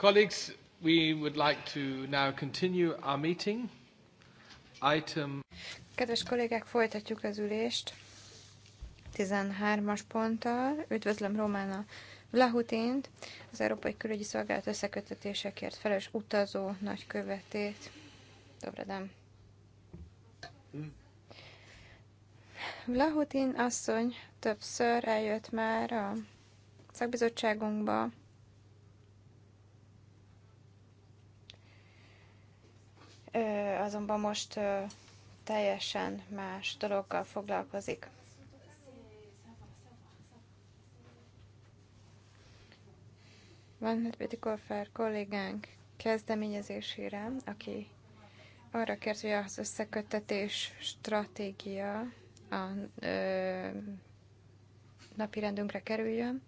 Colleagues, we would like to now continue our meeting. Item... Kedves kollégák, folytatjuk az ülést 13-as ponttal. Üdvözlöm Romána Vlahutint, az Európai Külügyi Szolgálat összekötetésekért felelős utazó nagykövetét. Dobredem. Vlahutin asszony többször eljött már a szakbizottságunkba, azonban most teljesen más dologgal foglalkozik. Van Hedvedi hát Kolfer kollégánk kezdeményezésére, aki arra kért, hogy az összeköttetés stratégia a ö, napirendünkre kerüljön.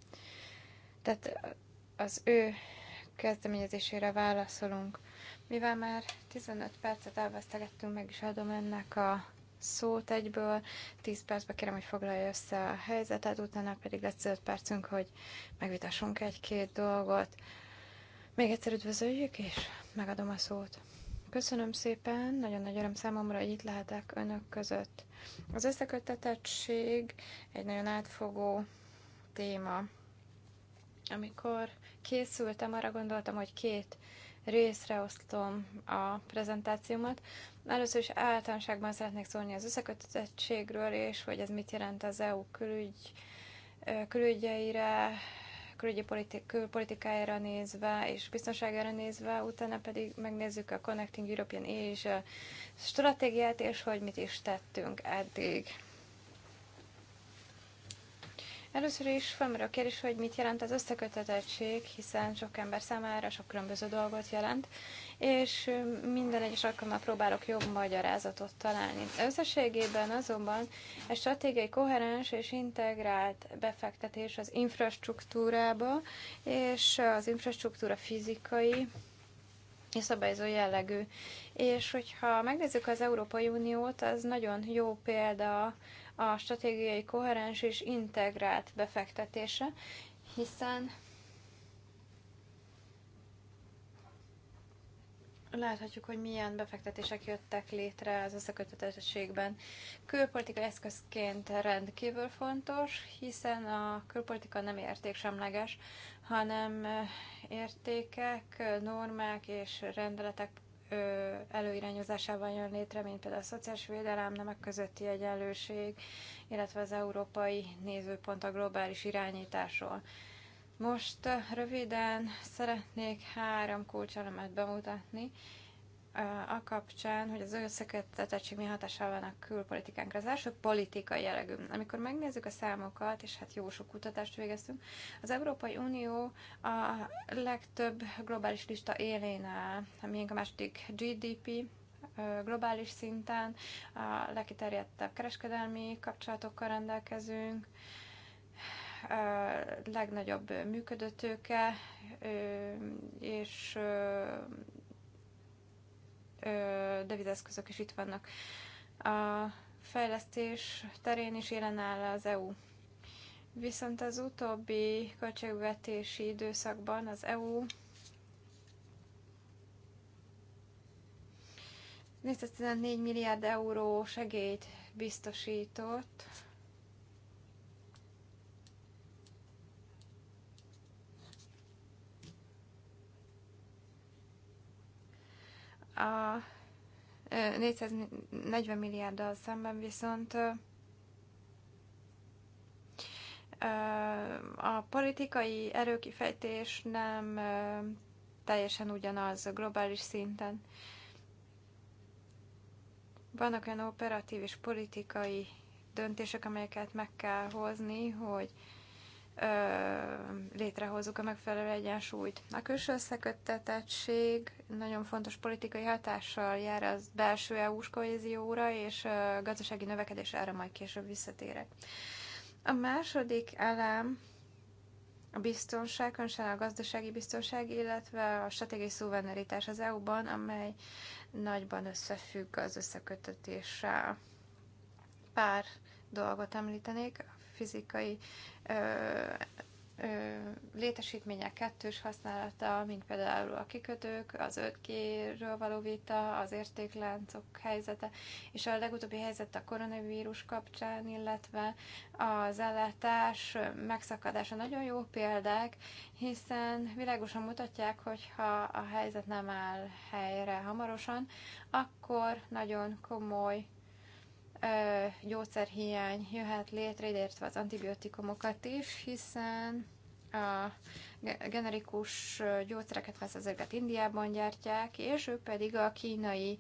Tehát az ő kezdeményezésére válaszolunk. Mivel már 15 percet elvesztegettünk, meg is adom ennek a szót egyből. 10 percbe kérem, hogy foglalja össze a helyzetet, utána pedig lesz 5 percünk, hogy megvitassunk egy-két dolgot. Még egyszer üdvözöljük, és megadom a szót. Köszönöm szépen, nagyon nagy öröm számomra, hogy itt lehetek önök között. Az összekötetettség egy nagyon átfogó téma. Amikor készültem, arra gondoltam, hogy két részre osztom a prezentációmat. Először is általánoságban szeretnék szólni az összekötöttségről, és hogy ez mit jelent az EU külügy, külügyeire, külügyi politi- külpolitikájára nézve és biztonságára nézve, utána pedig megnézzük a Connecting European és stratégiát, és hogy mit is tettünk eddig. Először is felmerül a kérdés, hogy mit jelent az összekötetettség, hiszen sok ember számára sok különböző dolgot jelent, és minden egyes alkalommal próbálok jobb magyarázatot találni. Összességében azonban egy stratégiai koherens és integrált befektetés az infrastruktúrába, és az infrastruktúra fizikai és szabályozó jellegű. És hogyha megnézzük az Európai Uniót, az nagyon jó példa a stratégiai koherens és integrált befektetése, hiszen láthatjuk, hogy milyen befektetések jöttek létre az összekötetettségben. Külpolitika eszközként rendkívül fontos, hiszen a külpolitika nem semleges, hanem értékek, normák és rendeletek előirányozásával jön létre, mint például a szociális védelem, nemek közötti egyenlőség, illetve az európai nézőpont a globális irányításról. Most röviden szeretnék három kulcselemet bemutatni, a kapcsán, hogy az összekötetettség mi hatással van a külpolitikánkra. Az első politikai jellegű. Amikor megnézzük a számokat, és hát jó sok kutatást végeztünk, az Európai Unió a legtöbb globális lista élén áll. Miénk a második GDP, globális szinten, a legkiterjedtebb kereskedelmi kapcsolatokkal rendelkezünk, a legnagyobb működőtőke, és devizeszközök is itt vannak. A fejlesztés terén is jelen áll az EU. Viszont az utóbbi költségvetési időszakban az EU 414 milliárd euró segélyt biztosított A 440 milliárddal szemben viszont a politikai erőkifejtés nem teljesen ugyanaz globális szinten. Vannak olyan operatív és politikai döntések, amelyeket meg kell hozni, hogy létrehozzuk a megfelelő egyensúlyt. A külső összeköttetettség nagyon fontos politikai hatással jár az belső EU-s kohézióra és gazdasági növekedés erre majd később visszatérek. A második elem a biztonság, különösen a gazdasági biztonság, illetve a stratégiai szuverenitás az EU-ban, amely nagyban összefügg az összekötetéssel. Pár dolgot említenék fizikai ö, ö, létesítmények kettős használata, mint például a kikötők, az 5G-ről való vita, az értékláncok helyzete, és a legutóbbi helyzet a koronavírus kapcsán, illetve az ellátás megszakadása nagyon jó példák, hiszen világosan mutatják, hogy ha a helyzet nem áll helyre hamarosan, akkor nagyon komoly gyógyszerhiány jöhet létre, ideértve az antibiotikumokat is, hiszen a generikus gyógyszereket, vesz ezeket Indiában gyártják, és ők pedig a kínai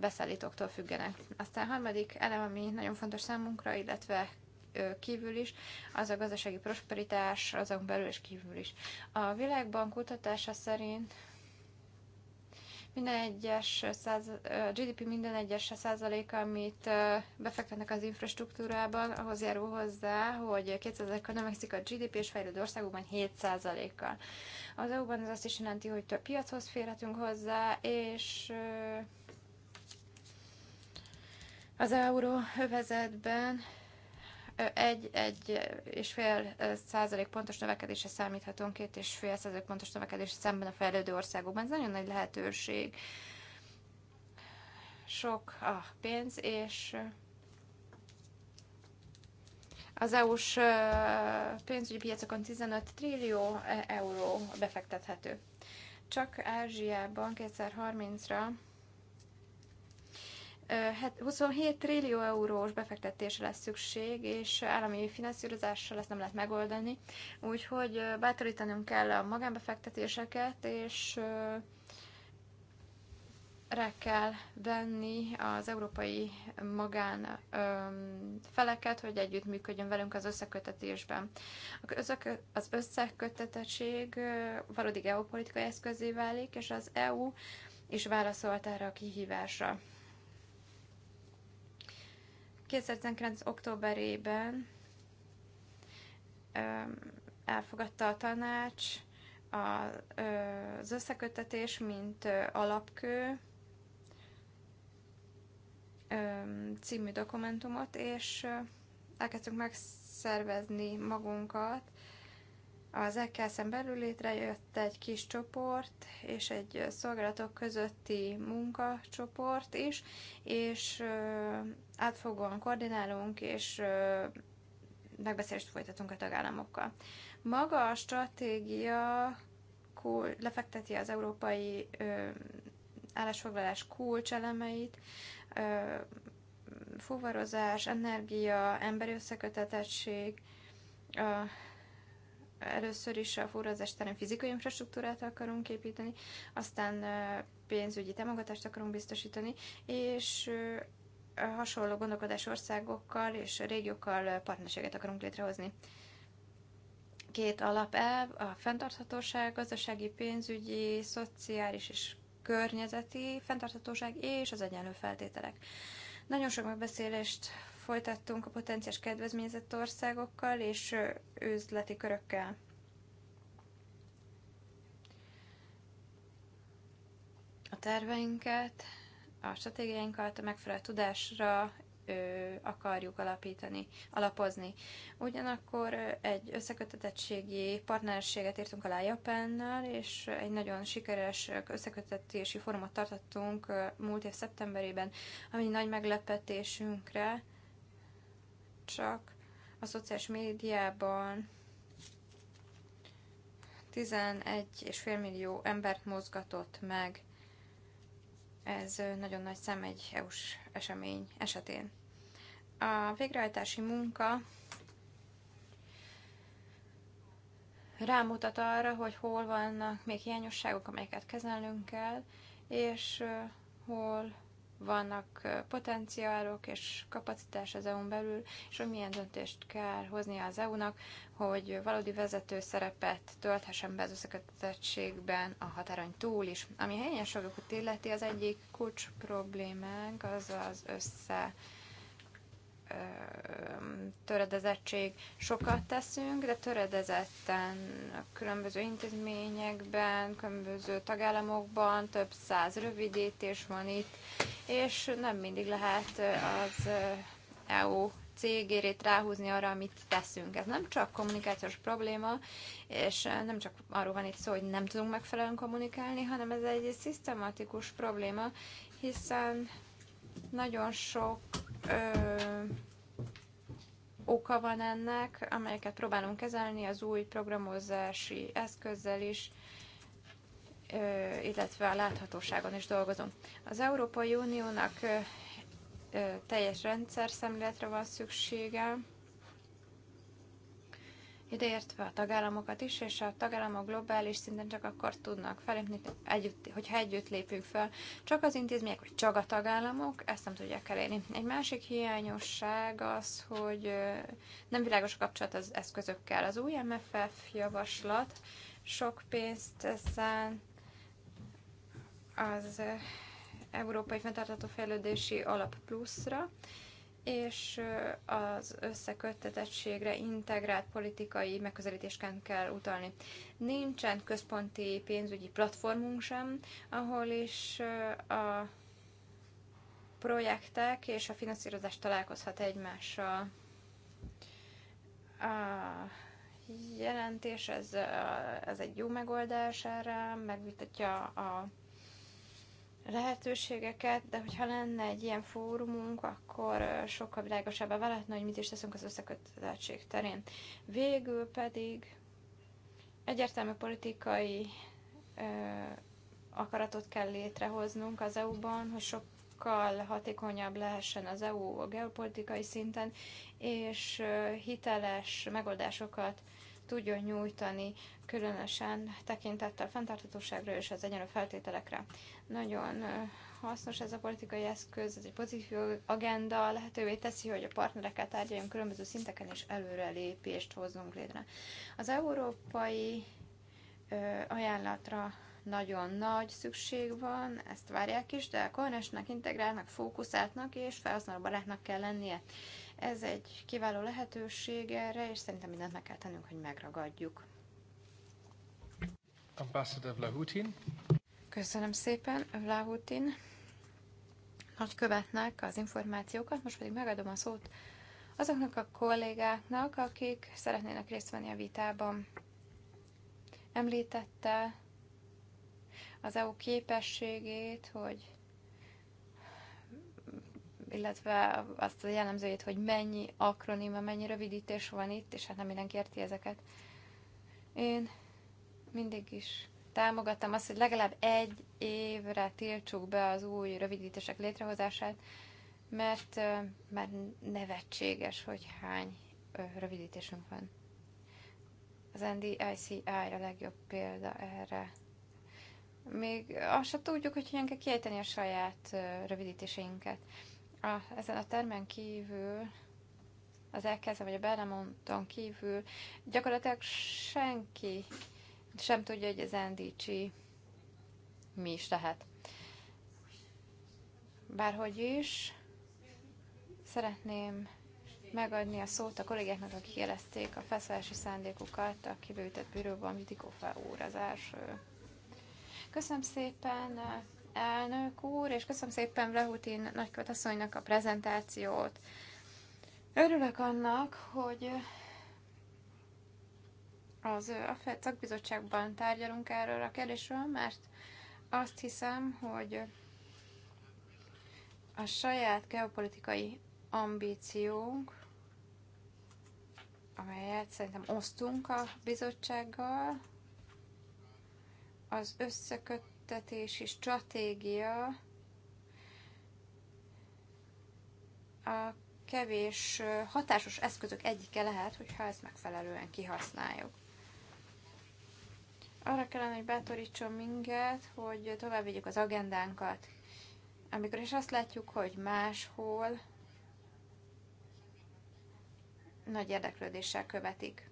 beszállítóktól függenek. Aztán a harmadik elem, ami nagyon fontos számunkra, illetve kívül is, az a gazdasági prosperitás, azon belül és kívül is. A Világbank kutatása szerint minden egyes száz, a GDP minden egyes százaléka, amit befektetnek az infrastruktúrában, ahhoz járul hozzá, hogy 2000-kal növekszik a GDP, és fejlődő országokban 7 százalékkal. Az EU-ban ez azt is jelenti, hogy több piachoz férhetünk hozzá, és az euróövezetben egy, egy és fél százalék pontos növekedése számíthatunk, két és fél százalék pontos növekedése szemben a fejlődő országokban. Ez nagyon nagy lehetőség. Sok a pénz, és az EU-s pénzügyi piacokon 15 trillió euró befektethető. Csak Ázsiában 2030-ra 27 hát trillió eurós befektetésre lesz szükség, és állami finanszírozással ezt nem lehet megoldani, úgyhogy bátorítanunk kell a magánbefektetéseket, és rá kell venni az európai magán feleket, hogy működjön velünk az összekötetésben. Az összekötetettség valódi geopolitikai eszközé válik, és az EU is válaszolt erre a kihívásra. 2019. októberében elfogadta a tanács az összekötetés, mint alapkő című dokumentumot, és elkezdtük megszervezni magunkat az EKSZ-en belül létrejött egy kis csoport és egy szolgálatok közötti munkacsoport is, és átfogóan koordinálunk, és megbeszélést folytatunk a tagállamokkal. Maga a stratégia lefekteti az európai állásfoglalás kulcselemeit, fuvarozás, energia, emberi összekötetettség, a Először is a forrázás terén fizikai infrastruktúrát akarunk építeni, aztán pénzügyi támogatást akarunk biztosítani, és hasonló gondolkodás országokkal és régiókkal partnerséget akarunk létrehozni. Két alapelv, a fenntarthatóság, gazdasági, pénzügyi, szociális és környezeti fenntarthatóság és az egyenlő feltételek. Nagyon sok megbeszélést folytattunk a potenciális kedvezményezett országokkal és üzleti körökkel. A terveinket, a stratégiánkat a megfelelő tudásra ö, akarjuk alapítani, alapozni. Ugyanakkor egy összekötetettségi partnerséget írtunk alá Japánnal, és egy nagyon sikeres összekötetési fórumot tartottunk múlt év szeptemberében, ami nagy meglepetésünkre csak a szociális médiában 11,5 millió embert mozgatott meg. Ez nagyon nagy szám egy EU-s esemény esetén. A végrehajtási munka rámutat arra, hogy hol vannak még hiányosságok, amelyeket kezelnünk kell, és hol vannak potenciálok és kapacitás az EU-n belül, és hogy milyen döntést kell hozni az EU-nak, hogy valódi vezető szerepet tölthessen be az összekötettségben a határon túl is. Ami helyes jogokat illeti, az egyik kulcs problémánk az az össze töredezettség sokat teszünk, de töredezetten a különböző intézményekben, különböző tagállamokban több száz rövidítés van itt, és nem mindig lehet az EU cégérét ráhúzni arra, amit teszünk. Ez nem csak kommunikációs probléma, és nem csak arról van itt szó, hogy nem tudunk megfelelően kommunikálni, hanem ez egy szisztematikus probléma, hiszen nagyon sok ö, oka van ennek, amelyeket próbálunk kezelni az új programozási eszközzel is, ö, illetve a láthatóságon is dolgozunk. Az Európai Uniónak ö, ö, teljes rendszer szemléletre van szüksége, ideértve a tagállamokat is, és a tagállamok globális szinten csak akkor tudnak felépni, együtt, hogyha együtt lépünk fel. Csak az intézmények, vagy csak a tagállamok ezt nem tudják elérni. Egy másik hiányosság az, hogy nem világos a kapcsolat az eszközökkel. Az új MFF javaslat sok pénzt szán az Európai Fentartató Fejlődési Alap Pluszra, és az összeköttetettségre integrált politikai megközelítésként kell utalni. Nincsen központi pénzügyi platformunk sem, ahol is a projektek és a finanszírozás találkozhat egymással. A jelentés ez, ez egy jó megoldás erre, megvitatja a lehetőségeket, de hogyha lenne egy ilyen fórumunk, akkor sokkal világosabbá válhatna, hogy mit is teszünk az összekötetettség terén. Végül pedig egyértelmű politikai ö, akaratot kell létrehoznunk az EU-ban, hogy sokkal hatékonyabb lehessen az EU a geopolitikai szinten, és hiteles megoldásokat tudjon nyújtani, különösen tekintettel fenntartatóságra és az egyenlő feltételekre. Nagyon hasznos ez a politikai eszköz, ez egy pozitív agenda, lehetővé teszi, hogy a partnerekkel tárgyaljunk különböző szinteken és előrelépést hozzunk létre. Az európai ö, ajánlatra nagyon nagy szükség van, ezt várják is, de koherensnek, integrálnak, fókuszáltnak és felhasználóbarátnak kell lennie. Ez egy kiváló lehetőség erre, és szerintem mindent meg kell tennünk, hogy megragadjuk. Ambassador Vlahutin. Köszönöm szépen, Vlahutin. Nagykövetnek az információkat, most pedig megadom a szót azoknak a kollégáknak, akik szeretnének részt venni a vitában. Említette az EU képességét, hogy illetve azt a jellemzőjét, hogy mennyi akronima, mennyi rövidítés van itt, és hát nem mindenki érti ezeket. Én mindig is támogattam azt, hogy legalább egy évre tiltsuk be az új rövidítések létrehozását, mert már nevetséges, hogy hány rövidítésünk van. Az NDICI a legjobb példa erre. Még azt se tudjuk, hogy hogyan kell kiejteni a saját rövidítéseinket a, ezen a termen kívül, az elkezdem, vagy a Berlemonton kívül, gyakorlatilag senki sem tudja, hogy az NDC mi is lehet. Bárhogy is, szeretném megadni a szót a kollégáknak, akik jelezték a feszelési szándékukat, a kibőtett bűrőben Vitikófa úr az első. Köszönöm szépen! elnök úr, és köszönöm szépen Vlahutin nagykövet a prezentációt. Örülök annak, hogy az AFED szakbizottságban tárgyalunk erről a kérdésről, mert azt hiszem, hogy a saját geopolitikai ambíciónk, amelyet szerintem osztunk a bizottsággal, az összekött befektetési stratégia a kevés hatásos eszközök egyike lehet, hogyha ezt megfelelően kihasználjuk. Arra kellene, hogy bátorítson minket, hogy tovább vigyük az agendánkat. Amikor is azt látjuk, hogy máshol nagy érdeklődéssel követik.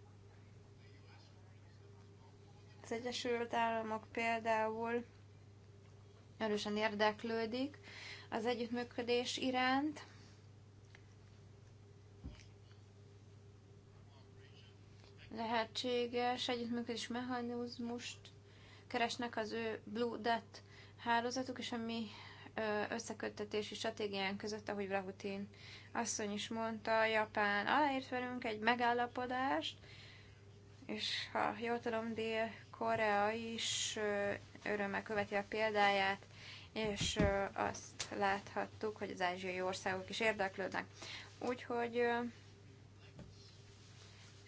Az Egyesült Államok például erősen érdeklődik az együttműködés iránt. Lehetséges együttműködés mechanizmust keresnek az ő Blue Dot hálózatuk és a mi összeköttetési stratégián között, ahogy Rahutin asszony is mondta, Japán aláírt velünk egy megállapodást, és ha jól tudom, Dél-Korea is örömmel követi a példáját és azt láthattuk, hogy az ázsiai országok is érdeklődnek. Úgyhogy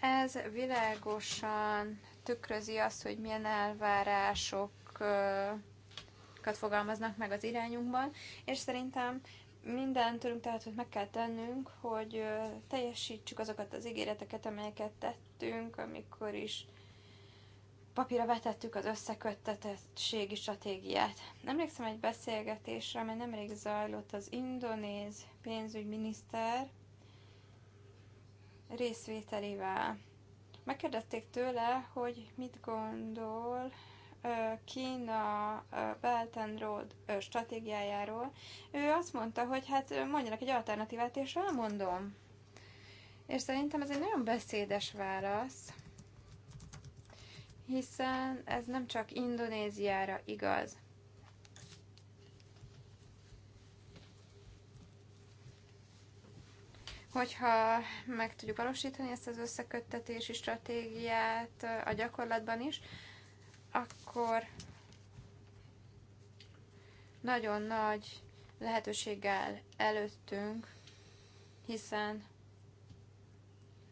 ez világosan tükrözi azt, hogy milyen elvárásokat fogalmaznak meg az irányunkban, és szerintem minden tőlünk hogy meg kell tennünk, hogy teljesítsük azokat az ígéreteket, amelyeket tettünk, amikor is papírra vetettük az összeköttetettségi stratégiát. Emlékszem egy beszélgetésre, amely nemrég zajlott az indonéz pénzügyminiszter részvételével. Megkérdezték tőle, hogy mit gondol Kína Belt and Road stratégiájáról. Ő azt mondta, hogy hát mondjanak egy alternatívát, és elmondom. És szerintem ez egy nagyon beszédes válasz hiszen ez nem csak Indonéziára igaz. Hogyha meg tudjuk valósítani ezt az összeköttetési stratégiát a gyakorlatban is, akkor nagyon nagy lehetőséggel előttünk, hiszen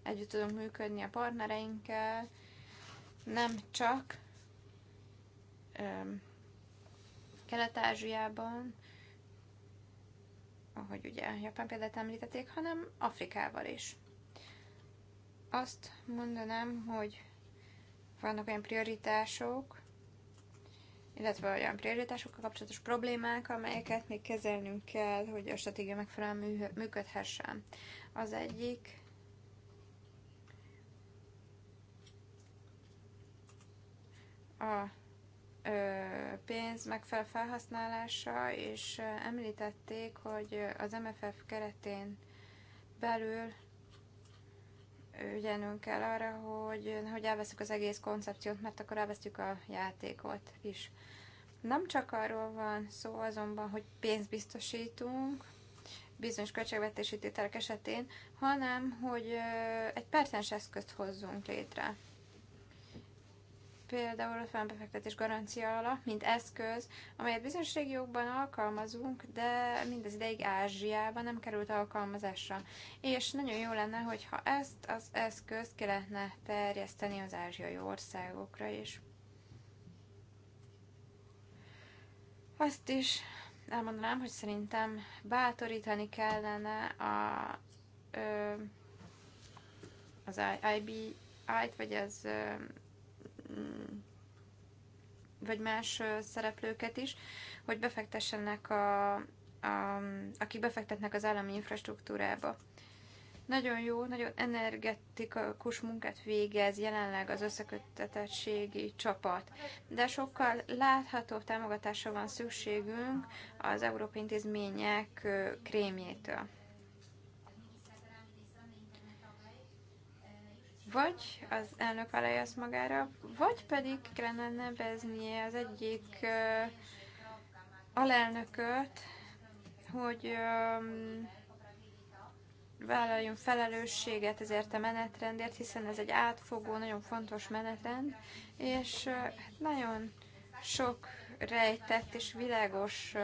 együtt tudunk működni a partnereinkkel, nem csak Kelet-Ázsiában, ahogy ugye Japán példát említették, hanem Afrikával is. Azt mondanám, hogy vannak olyan prioritások, illetve olyan prioritásokkal kapcsolatos problémák, amelyeket még kezelnünk kell, hogy a stratégia megfelelően működhessen. Az egyik a pénz megfelelő felhasználása, és említették, hogy az MFF keretén belül ügyenünk kell arra, hogy, hogy elveszük az egész koncepciót, mert akkor elvesztjük a játékot is. Nem csak arról van szó azonban, hogy pénzt biztosítunk bizonyos költségvetési tételek esetén, hanem hogy egy percens eszközt hozzunk létre például a fennbefektetés garancia alap, mint eszköz, amelyet bizonyos régiókban alkalmazunk, de mindez ideig Ázsiában nem került alkalmazásra. És nagyon jó lenne, hogyha ezt az eszközt ki lehetne terjeszteni az ázsiai országokra is. Azt is elmondanám, hogy szerintem bátorítani kellene a, ö, az IB-t, vagy az Mm, vagy más szereplőket is, hogy befektessenek a, a, akik befektetnek az állami infrastruktúrába. Nagyon jó, nagyon energetikus munkát végez jelenleg az összeköttetettségi csapat, de sokkal látható támogatásra van szükségünk az Európai Intézmények krémjétől. vagy az elnök alájász magára, vagy pedig kellene neveznie az egyik uh, alelnököt, hogy um, vállaljon felelősséget ezért a menetrendért, hiszen ez egy átfogó, nagyon fontos menetrend, és uh, nagyon sok rejtett és világos uh,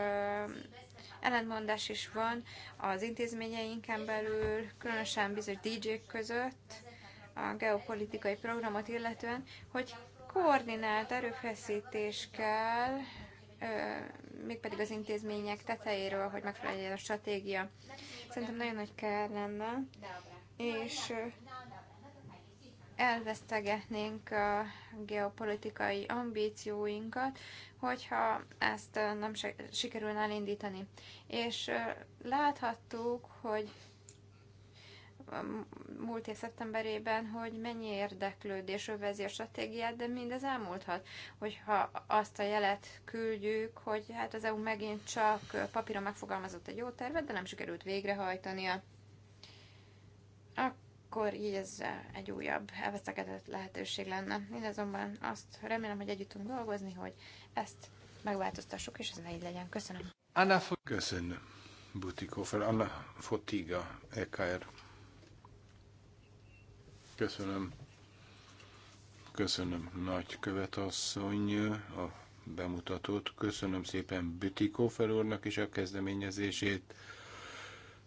ellentmondás is van az intézményeinken belül, különösen bizonyos DJ-k között, a geopolitikai programot illetően, hogy koordinált erőfeszítés kell, mégpedig az intézmények tetejéről, hogy megfeleljen a stratégia. Szerintem nagyon nagy kár lenne, és elvesztegetnénk a geopolitikai ambícióinkat, hogyha ezt nem sikerülne elindítani. És láthattuk, hogy múlt év szeptemberében, hogy mennyi érdeklődés övezi a stratégiát, de mindez elmúlthat, hogyha azt a jelet küldjük, hogy hát az EU megint csak papíron megfogalmazott egy jó tervet, de nem sikerült végrehajtania. Akkor így ez egy újabb elvesztegetett lehetőség lenne. Én azonban azt remélem, hogy együtt tudunk dolgozni, hogy ezt megváltoztassuk, és ez ne így legyen. Köszönöm. Anna, köszönöm. Butikofer, Anna Fotiga, EKR. Köszönöm. Köszönöm, nagy követasszony a bemutatót. Köszönöm szépen Bütikó felúrnak is a kezdeményezését.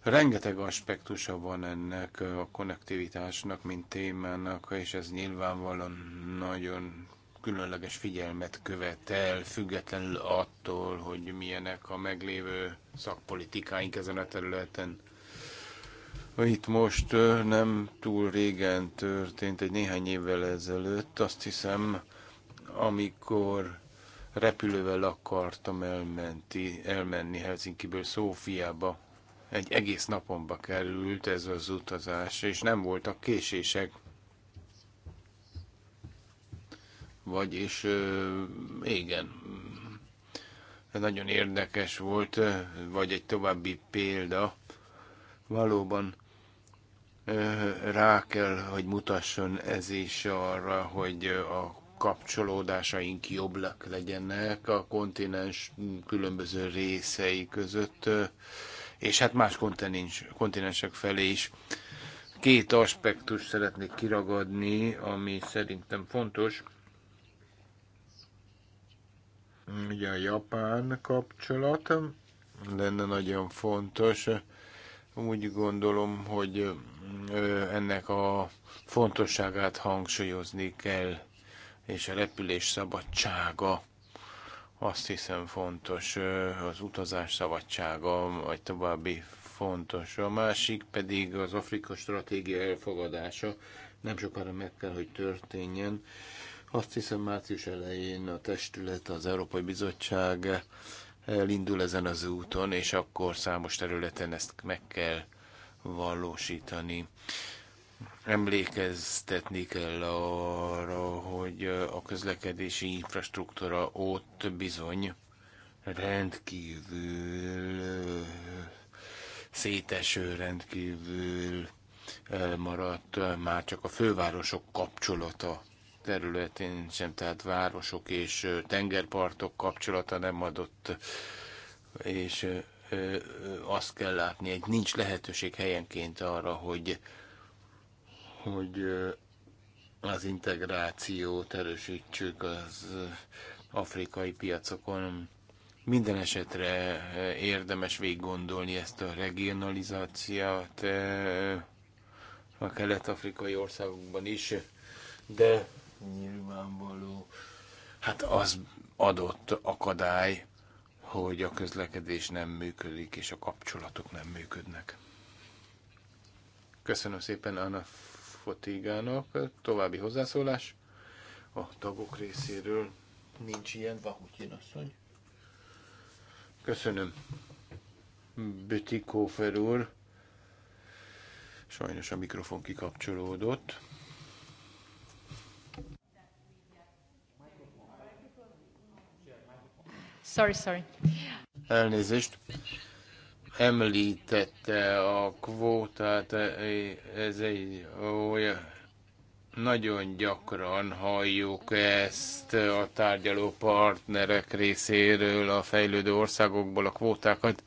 Rengeteg aspektusa van ennek a konnektivitásnak, mint témának, és ez nyilvánvalóan nagyon különleges figyelmet követel, függetlenül attól, hogy milyenek a meglévő szakpolitikáink ezen a területen. Itt most nem túl régen történt, egy néhány évvel ezelőtt, azt hiszem, amikor repülővel akartam elmenti, elmenni Helsinkiből Szófiába. Egy egész napomba került ez az utazás, és nem voltak késések. Vagyis igen, ez nagyon érdekes volt, vagy egy további példa. Valóban rá kell, hogy mutasson ez is arra, hogy a kapcsolódásaink jobbak legyenek a kontinens különböző részei között, és hát más kontinens, kontinensek felé is. Két aspektus szeretnék kiragadni, ami szerintem fontos. Ugye a japán kapcsolat lenne nagyon fontos. Úgy gondolom, hogy ennek a fontosságát hangsúlyozni kell, és a repülés szabadsága azt hiszem fontos, az utazás szabadsága, vagy további fontos. A másik pedig az Afrika stratégia elfogadása. Nem sokára meg kell, hogy történjen. Azt hiszem március elején a testület, az Európai Bizottság elindul ezen az úton, és akkor számos területen ezt meg kell valósítani. Emlékeztetni kell arra, hogy a közlekedési infrastruktúra ott bizony rendkívül széteső, rendkívül maradt már csak a fővárosok kapcsolata területén sem, tehát városok és tengerpartok kapcsolata nem adott, és azt kell látni, hogy nincs lehetőség helyenként arra, hogy, hogy az integrációt erősítsük az afrikai piacokon. Minden esetre érdemes végig gondolni ezt a regionalizációt a kelet-afrikai országokban is, de nyilvánvaló, hát az adott akadály, hogy a közlekedés nem működik, és a kapcsolatok nem működnek. Köszönöm szépen Anna Fotigának. További hozzászólás a tagok részéről. Nincs ilyen, Vahutyin asszony. Köszönöm. Bütikófer úr. Sajnos a mikrofon kikapcsolódott. Elnézést. Említette a kvótát, ez egy olyan, nagyon gyakran halljuk ezt a tárgyaló partnerek részéről, a fejlődő országokból a kvótákat.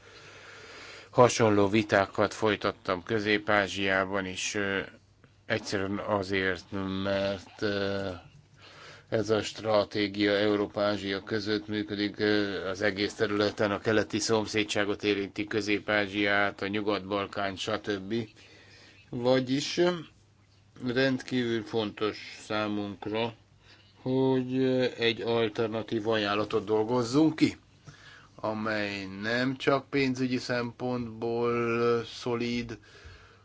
Hasonló vitákat folytattam Közép-Ázsiában is, egyszerűen azért, mert ez a stratégia Európa-Ázsia között működik az egész területen, a keleti szomszédságot érinti Közép-Ázsiát, a Nyugat-Balkán, stb. Vagyis rendkívül fontos számunkra, hogy egy alternatív ajánlatot dolgozzunk ki, amely nem csak pénzügyi szempontból szolíd,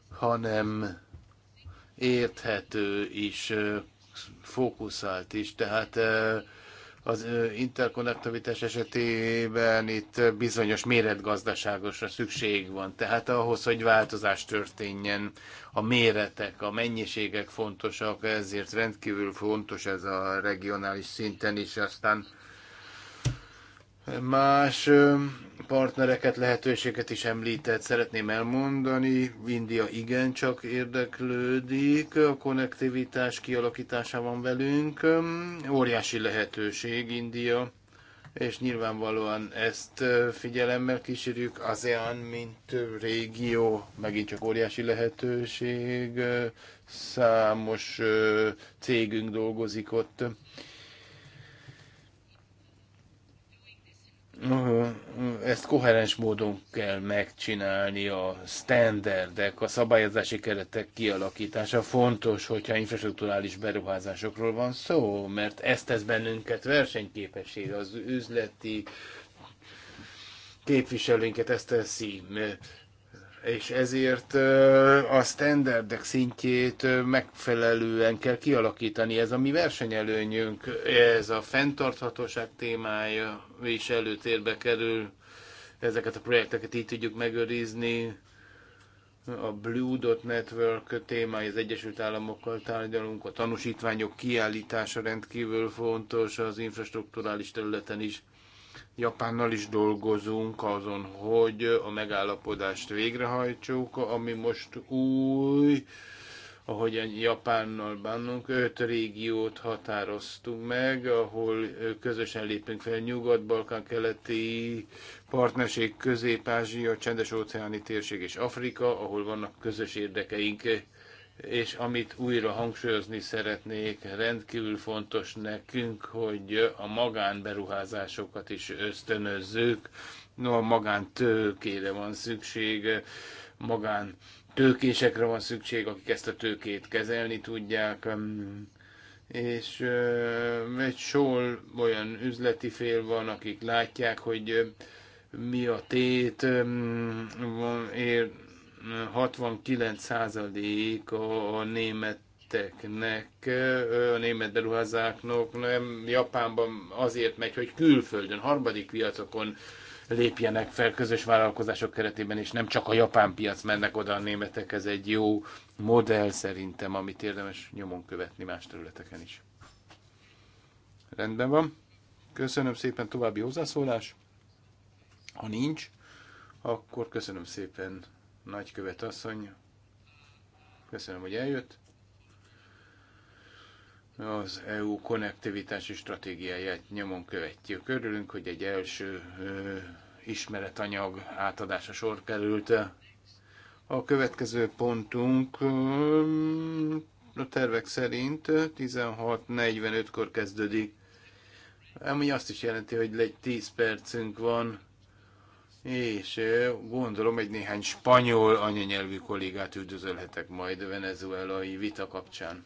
hanem érthető is fókuszált is, tehát az interkonnektivitás esetében itt bizonyos méretgazdaságosra szükség van. Tehát ahhoz, hogy változás történjen, a méretek, a mennyiségek fontosak, ezért rendkívül fontos ez a regionális szinten is. Aztán Más partnereket, lehetőséget is említett, szeretném elmondani, India igencsak érdeklődik, a konnektivitás kialakítása van velünk, óriási lehetőség India, és nyilvánvalóan ezt figyelemmel kísérjük, ASEAN, mint régió, megint csak óriási lehetőség, számos cégünk dolgozik ott, ezt koherens módon kell megcsinálni, a standardek, a szabályozási keretek kialakítása fontos, hogyha infrastruktúrális beruházásokról van szó, mert ezt tesz bennünket versenyképessé, az üzleti képviselőinket ezt teszi és ezért a standardek szintjét megfelelően kell kialakítani. Ez a mi versenyelőnyünk, ez a fenntarthatóság témája is előtérbe kerül. Ezeket a projekteket így tudjuk megőrizni. A Blue Dot Network témája, az Egyesült Államokkal tárgyalunk, a tanúsítványok kiállítása rendkívül fontos az infrastruktúrális területen is Japánnal is dolgozunk azon, hogy a megállapodást végrehajtsuk, ami most új, ahogyan Japánnal bánunk, öt régiót határoztunk meg, ahol közösen lépünk fel Nyugat-Balkán, keleti partnerség, Közép-Ázsia, Csendes-óceáni térség és Afrika, ahol vannak közös érdekeink és amit újra hangsúlyozni szeretnék, rendkívül fontos nekünk, hogy a magánberuházásokat is ösztönözzük. No, a magántőkére van szükség, magán tőkésekre van szükség, akik ezt a tőkét kezelni tudják, és egy sor olyan üzleti fél van, akik látják, hogy mi a tét, 69% a, németeknek, a német beruházáknak nem Japánban azért megy, hogy külföldön, harmadik piacokon lépjenek fel közös vállalkozások keretében, és nem csak a japán piac mennek oda a németek. Ez egy jó modell szerintem, amit érdemes nyomon követni más területeken is. Rendben van. Köszönöm szépen további hozzászólás. Ha nincs, akkor köszönöm szépen nagykövet asszony, köszönöm, hogy eljött. Az EU konnektivitási stratégiáját nyomon követjük. Örülünk, hogy egy első ö, ismeretanyag átadása sor került. A következő pontunk ö, a tervek szerint 16.45-kor kezdődik. Ami azt is jelenti, hogy egy 10 percünk van és gondolom egy néhány spanyol anyanyelvű kollégát üdvözölhetek majd a venezuelai vita kapcsán.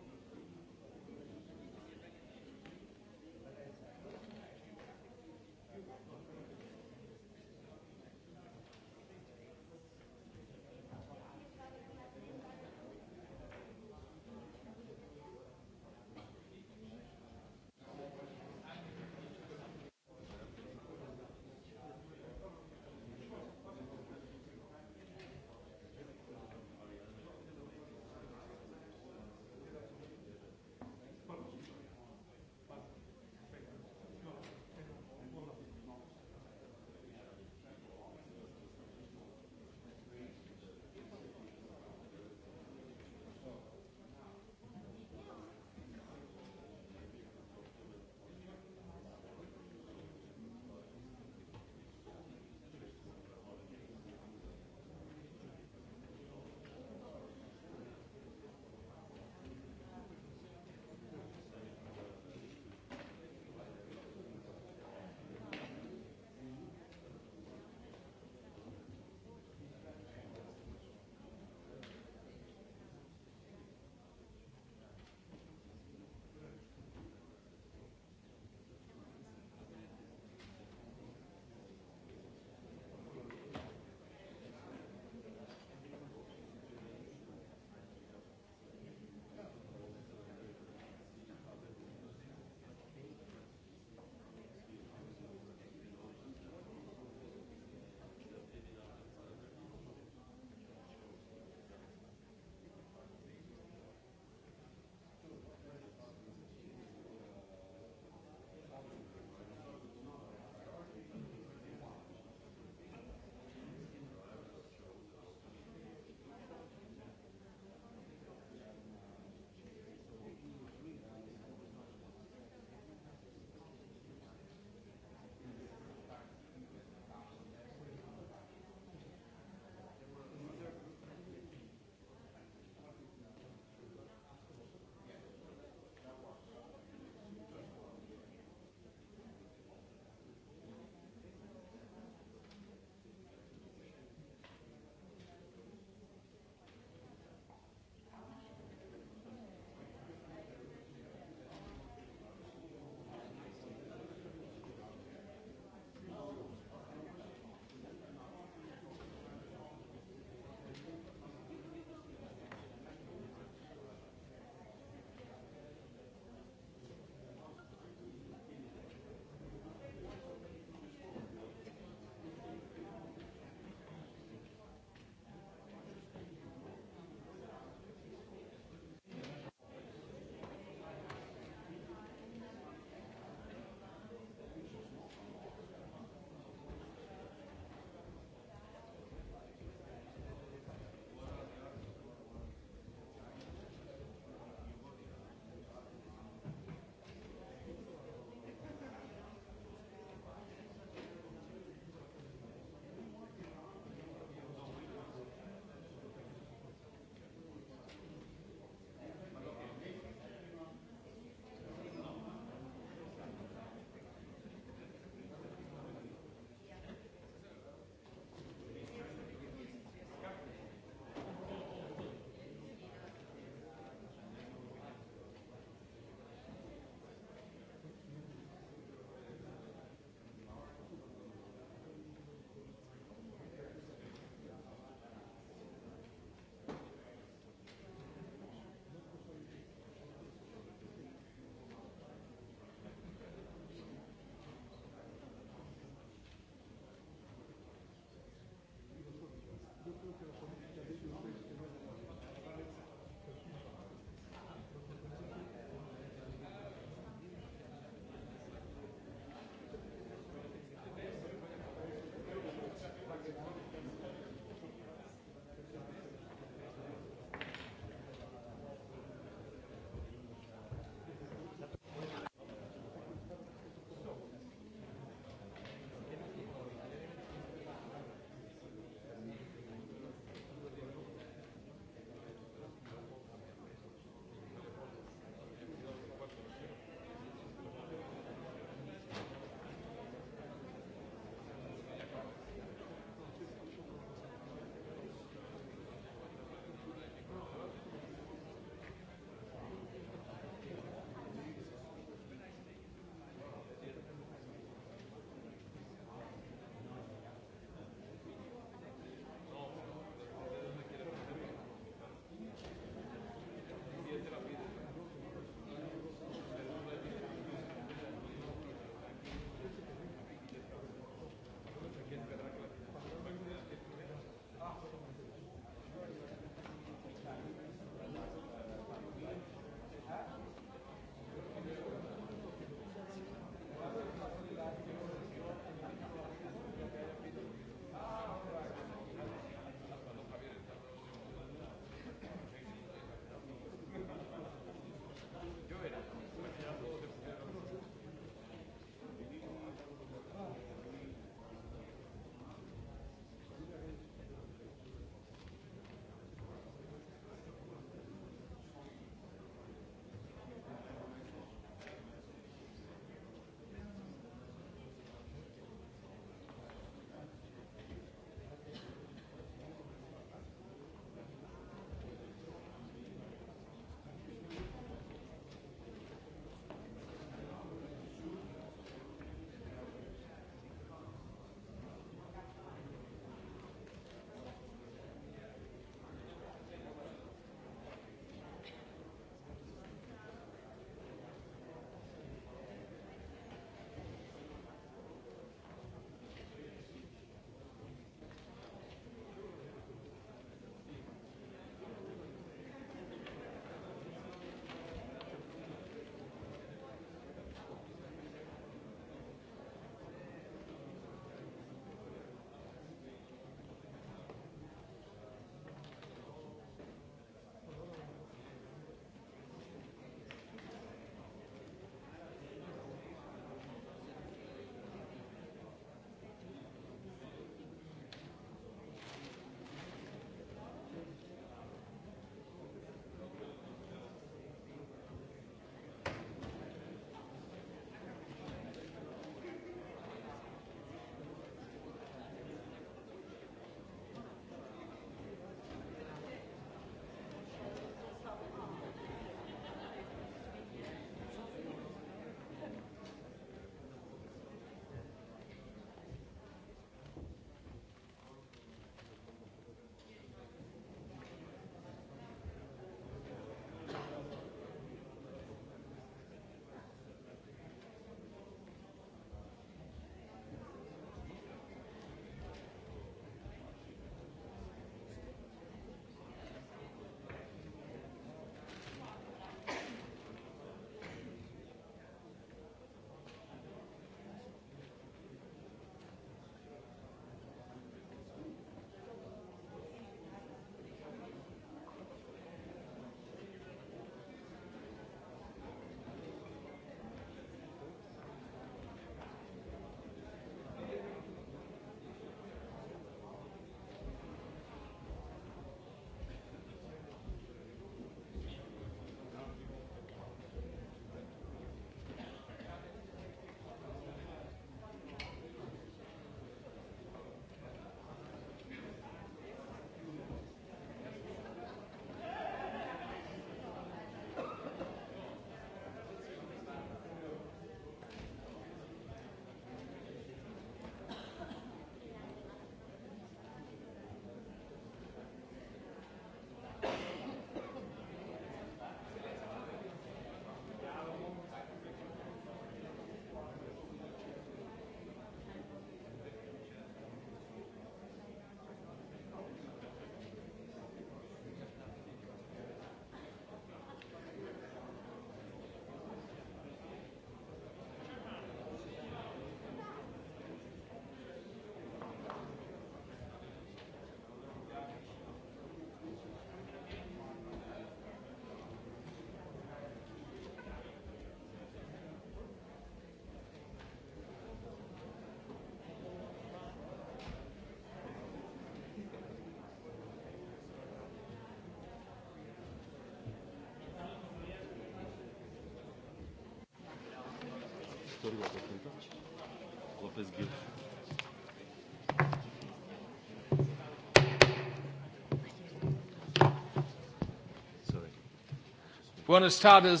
Buenos tardes.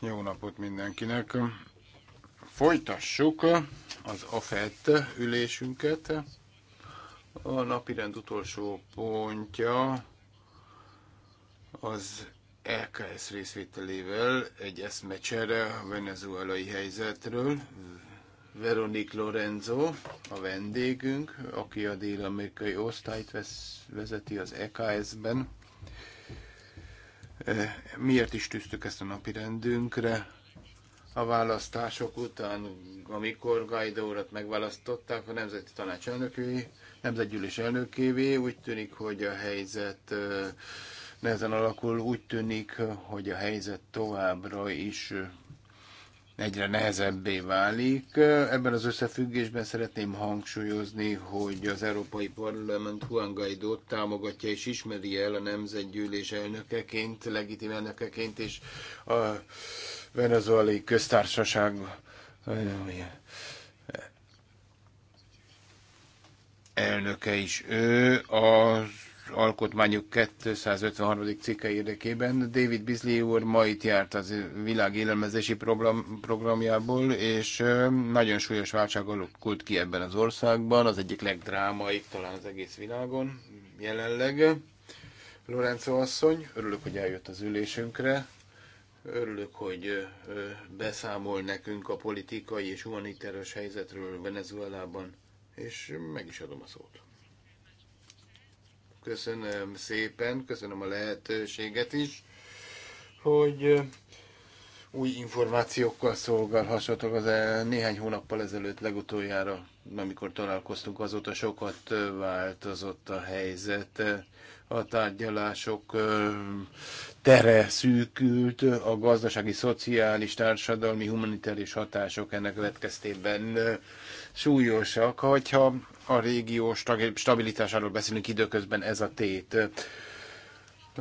Jó napot mindenkinek. Folytassuk az AFET ülésünket. A napirend utolsó pontja az EKS részvételével egy eszmecsere a venezuelai helyzetről. Veronik Lorenzo, a vendégünk, aki a dél-amerikai osztályt vesz, vezeti az EKS-ben. E, miért is tűztük ezt a napi rendünkre? A választások után, amikor Guaidó urat megválasztották a Nemzeti Tanács elnökévé, Nemzetgyűlés elnökévé, úgy tűnik, hogy a helyzet e, nehezen alakul. Úgy tűnik, hogy a helyzet továbbra is egyre nehezebbé válik. Ebben az összefüggésben szeretném hangsúlyozni, hogy az Európai Parlament Juan guaidó támogatja és ismeri el a nemzetgyűlés elnökeként, legitim elnökeként, és a venezuelai köztársaság elnöke is. Ő az alkotmányuk 253. cikke érdekében. David Bisley úr ma itt járt az világ élelmezési program, programjából, és nagyon súlyos válság alakult ki ebben az országban, az egyik legdrámaibb talán az egész világon jelenleg. Lorenzo asszony, örülök, hogy eljött az ülésünkre. Örülök, hogy beszámol nekünk a politikai és humanitárius helyzetről Venezuelában, és meg is adom a szót. Köszönöm szépen, köszönöm a lehetőséget is, hogy új információkkal szolgálhassatok. Az néhány hónappal ezelőtt legutoljára, amikor találkoztunk, azóta sokat változott a helyzet. A tárgyalások tere szűkült, a gazdasági, szociális, társadalmi, humanitárius hatások ennek következtében súlyosak. Hogyha a régió stabilitásáról beszélünk időközben ez a tét.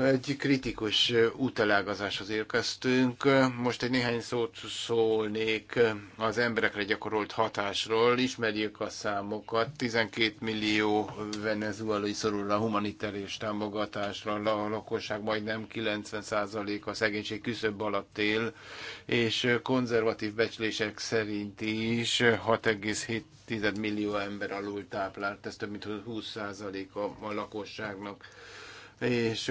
Egy kritikus útelágazáshoz érkeztünk. Most egy néhány szót szólnék az emberekre gyakorolt hatásról. Ismerjük a számokat. 12 millió venezuelai szorul a humanitárius támogatásra. A lakosság majdnem 90% a szegénység küszöbb alatt él, és konzervatív becslések szerint is 6,7 millió ember alul táplált. Ez több mint 20% a, a lakosságnak és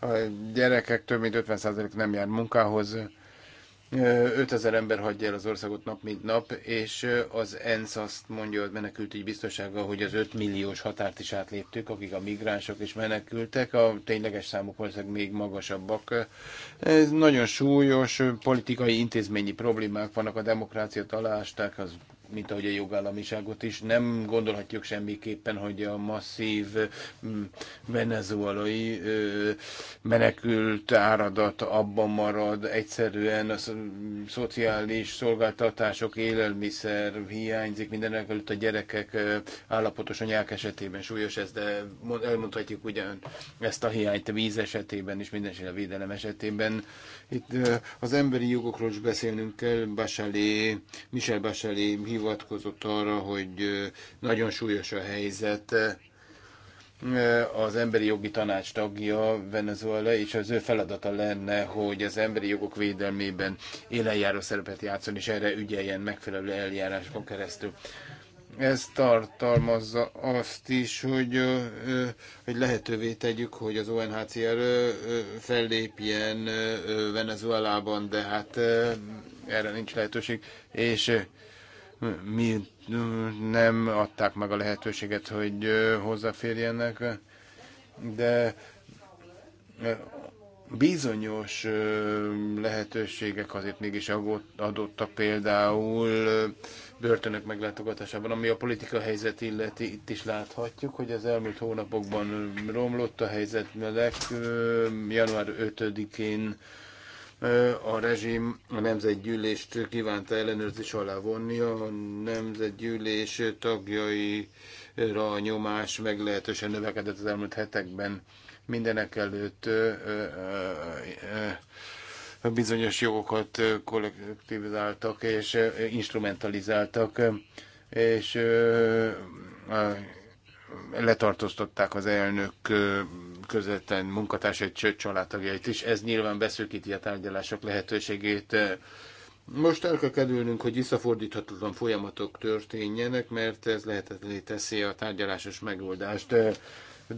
a gyerekek több mint 50% nem jár munkához. 5000 ember hagyja el az országot nap mint nap, és az ENSZ azt mondja a menekültügyi biztonsága, hogy az 5 milliós határt is átléptük, akik a migránsok és menekültek, a tényleges számok valószínűleg még magasabbak. Ez nagyon súlyos politikai intézményi problémák vannak, a demokráciát alásták, az mint ahogy a jogállamiságot is. Nem gondolhatjuk semmiképpen, hogy a masszív mm, venezuelai menekült áradat abban marad, egyszerűen a szociális szolgáltatások, élelmiszer hiányzik, mindenek előtt a gyerekek állapotos anyák esetében súlyos ez, de elmondhatjuk ugyan ezt a hiányt a víz esetében és mindenféle védelem esetében. Itt az emberi jogokról is beszélnünk kell. Bachelé, Michel Bachelé hivatkozott arra, hogy nagyon súlyos a helyzet. Az emberi jogi tanács tagja Venezuela, és az ő feladata lenne, hogy az emberi jogok védelmében élenjáró szerepet játszon, és erre ügyeljen megfelelő eljárásokon keresztül. Ez tartalmazza azt is, hogy, hogy lehetővé tegyük, hogy az ONHCR fellépjen Venezuelában, de hát erre nincs lehetőség, és mi nem adták meg a lehetőséget, hogy hozzáférjenek, de bizonyos lehetőségek azért mégis adottak például börtönök meglátogatásában, ami a politika helyzet illeti, itt is láthatjuk, hogy az elmúlt hónapokban romlott a helyzet meleg. Január 5-én a rezsim a nemzetgyűlést kívánta ellenőrzés alá vonni, a nemzetgyűlés tagjaira nyomás meglehetősen növekedett az elmúlt hetekben mindenek előtt bizonyos jogokat kollektivizáltak és instrumentalizáltak, és letartóztatták az elnök közvetlen munkatársait, sőt családtagjait is. Ez nyilván beszűkíti a tárgyalások lehetőségét. Most el kell kerülnünk, hogy visszafordíthatatlan folyamatok történjenek, mert ez lehetetlené teszi a tárgyalásos megoldást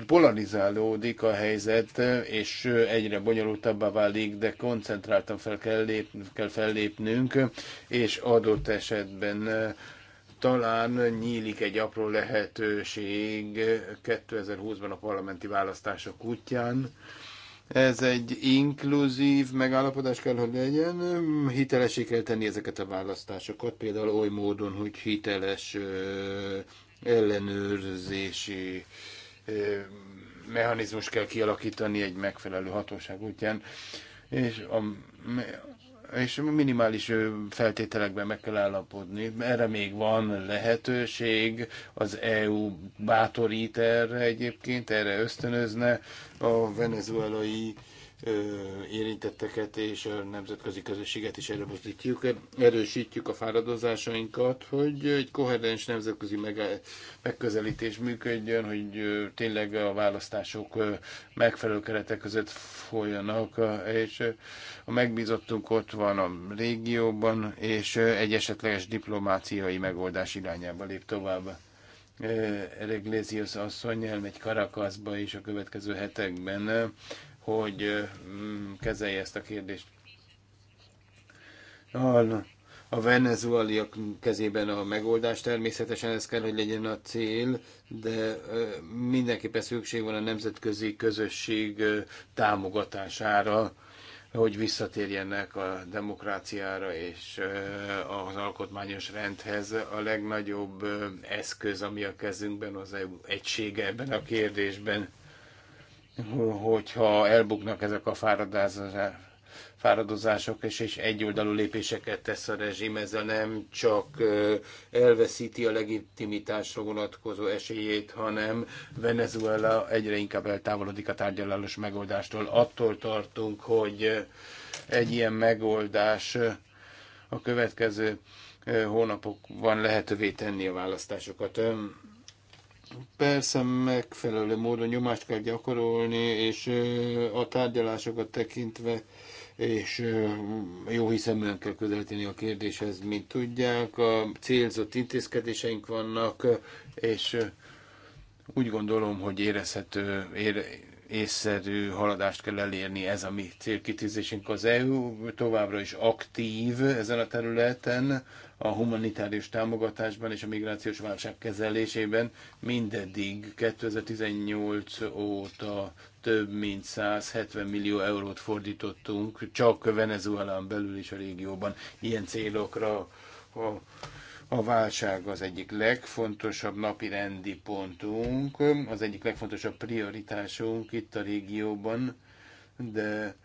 polarizálódik a helyzet, és egyre bonyolultabbá válik, de koncentráltan fel kell, lép, kell fellépnünk, és adott esetben eh, talán nyílik egy apró lehetőség 2020-ban a parlamenti választások útján. Ez egy inkluzív megállapodás kell, hogy legyen. Hitelesé kell tenni ezeket a választásokat, például oly módon, hogy hiteles eh, ellenőrzési mechanizmus kell kialakítani egy megfelelő hatóság útján, és a, és minimális feltételekben meg kell állapodni. Erre még van lehetőség, az EU bátorít erre egyébként, erre ösztönözne a venezuelai érintetteket és a nemzetközi közösséget is erősítjük, erősítjük a fáradozásainkat, hogy egy koherens nemzetközi meg, megközelítés működjön, hogy tényleg a választások megfelelő keretek között folyanak, és a megbízottunk ott van a régióban, és egy esetleges diplomáciai megoldás irányába lép tovább. Reglézius asszony elmegy Karakaszba is a következő hetekben hogy mm, kezelje ezt a kérdést. A, a venezueliak kezében a megoldás természetesen ez kell, hogy legyen a cél, de mindenképpen szükség van a nemzetközi közösség támogatására, hogy visszatérjenek a demokráciára és az alkotmányos rendhez. A legnagyobb eszköz, ami a kezünkben, az e egysége ebben a kérdésben hogyha elbuknak ezek a fáradozások, és, és egyoldalú lépéseket tesz a rezsim, ezzel nem csak elveszíti a legitimitásra vonatkozó esélyét, hanem Venezuela egyre inkább eltávolodik a tárgyalálós megoldástól. Attól tartunk, hogy egy ilyen megoldás a következő hónapokban lehetővé tenni a választásokat. Persze megfelelő módon nyomást kell gyakorolni, és a tárgyalásokat tekintve, és jó hiszeműen kell közelíteni a kérdéshez, mint tudják, a célzott intézkedéseink vannak, és úgy gondolom, hogy érezhető, ére, észszerű haladást kell elérni, ez a mi célkitűzésünk. Az EU továbbra is aktív ezen a területen, a humanitárius támogatásban és a migrációs válság kezelésében mindeddig 2018 óta több mint 170 millió eurót fordítottunk, csak Venezuelán belül is a régióban ilyen célokra a a válság az egyik legfontosabb napi rendi pontunk, az egyik legfontosabb prioritásunk itt a régióban, de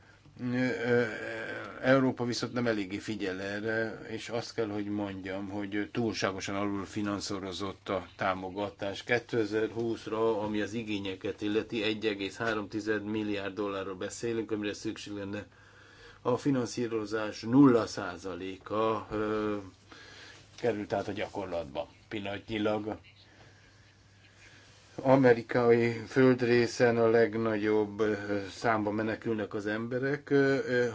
Európa viszont nem eléggé figyel erre, és azt kell, hogy mondjam, hogy túlságosan alul finanszorozott a támogatás. 2020-ra, ami az igényeket illeti, 1,3 milliárd dollárról beszélünk, amire szükség lenne. A finanszírozás 0%-a került át a gyakorlatba pillanatnyilag. Amerikai földrészen a legnagyobb számban menekülnek az emberek.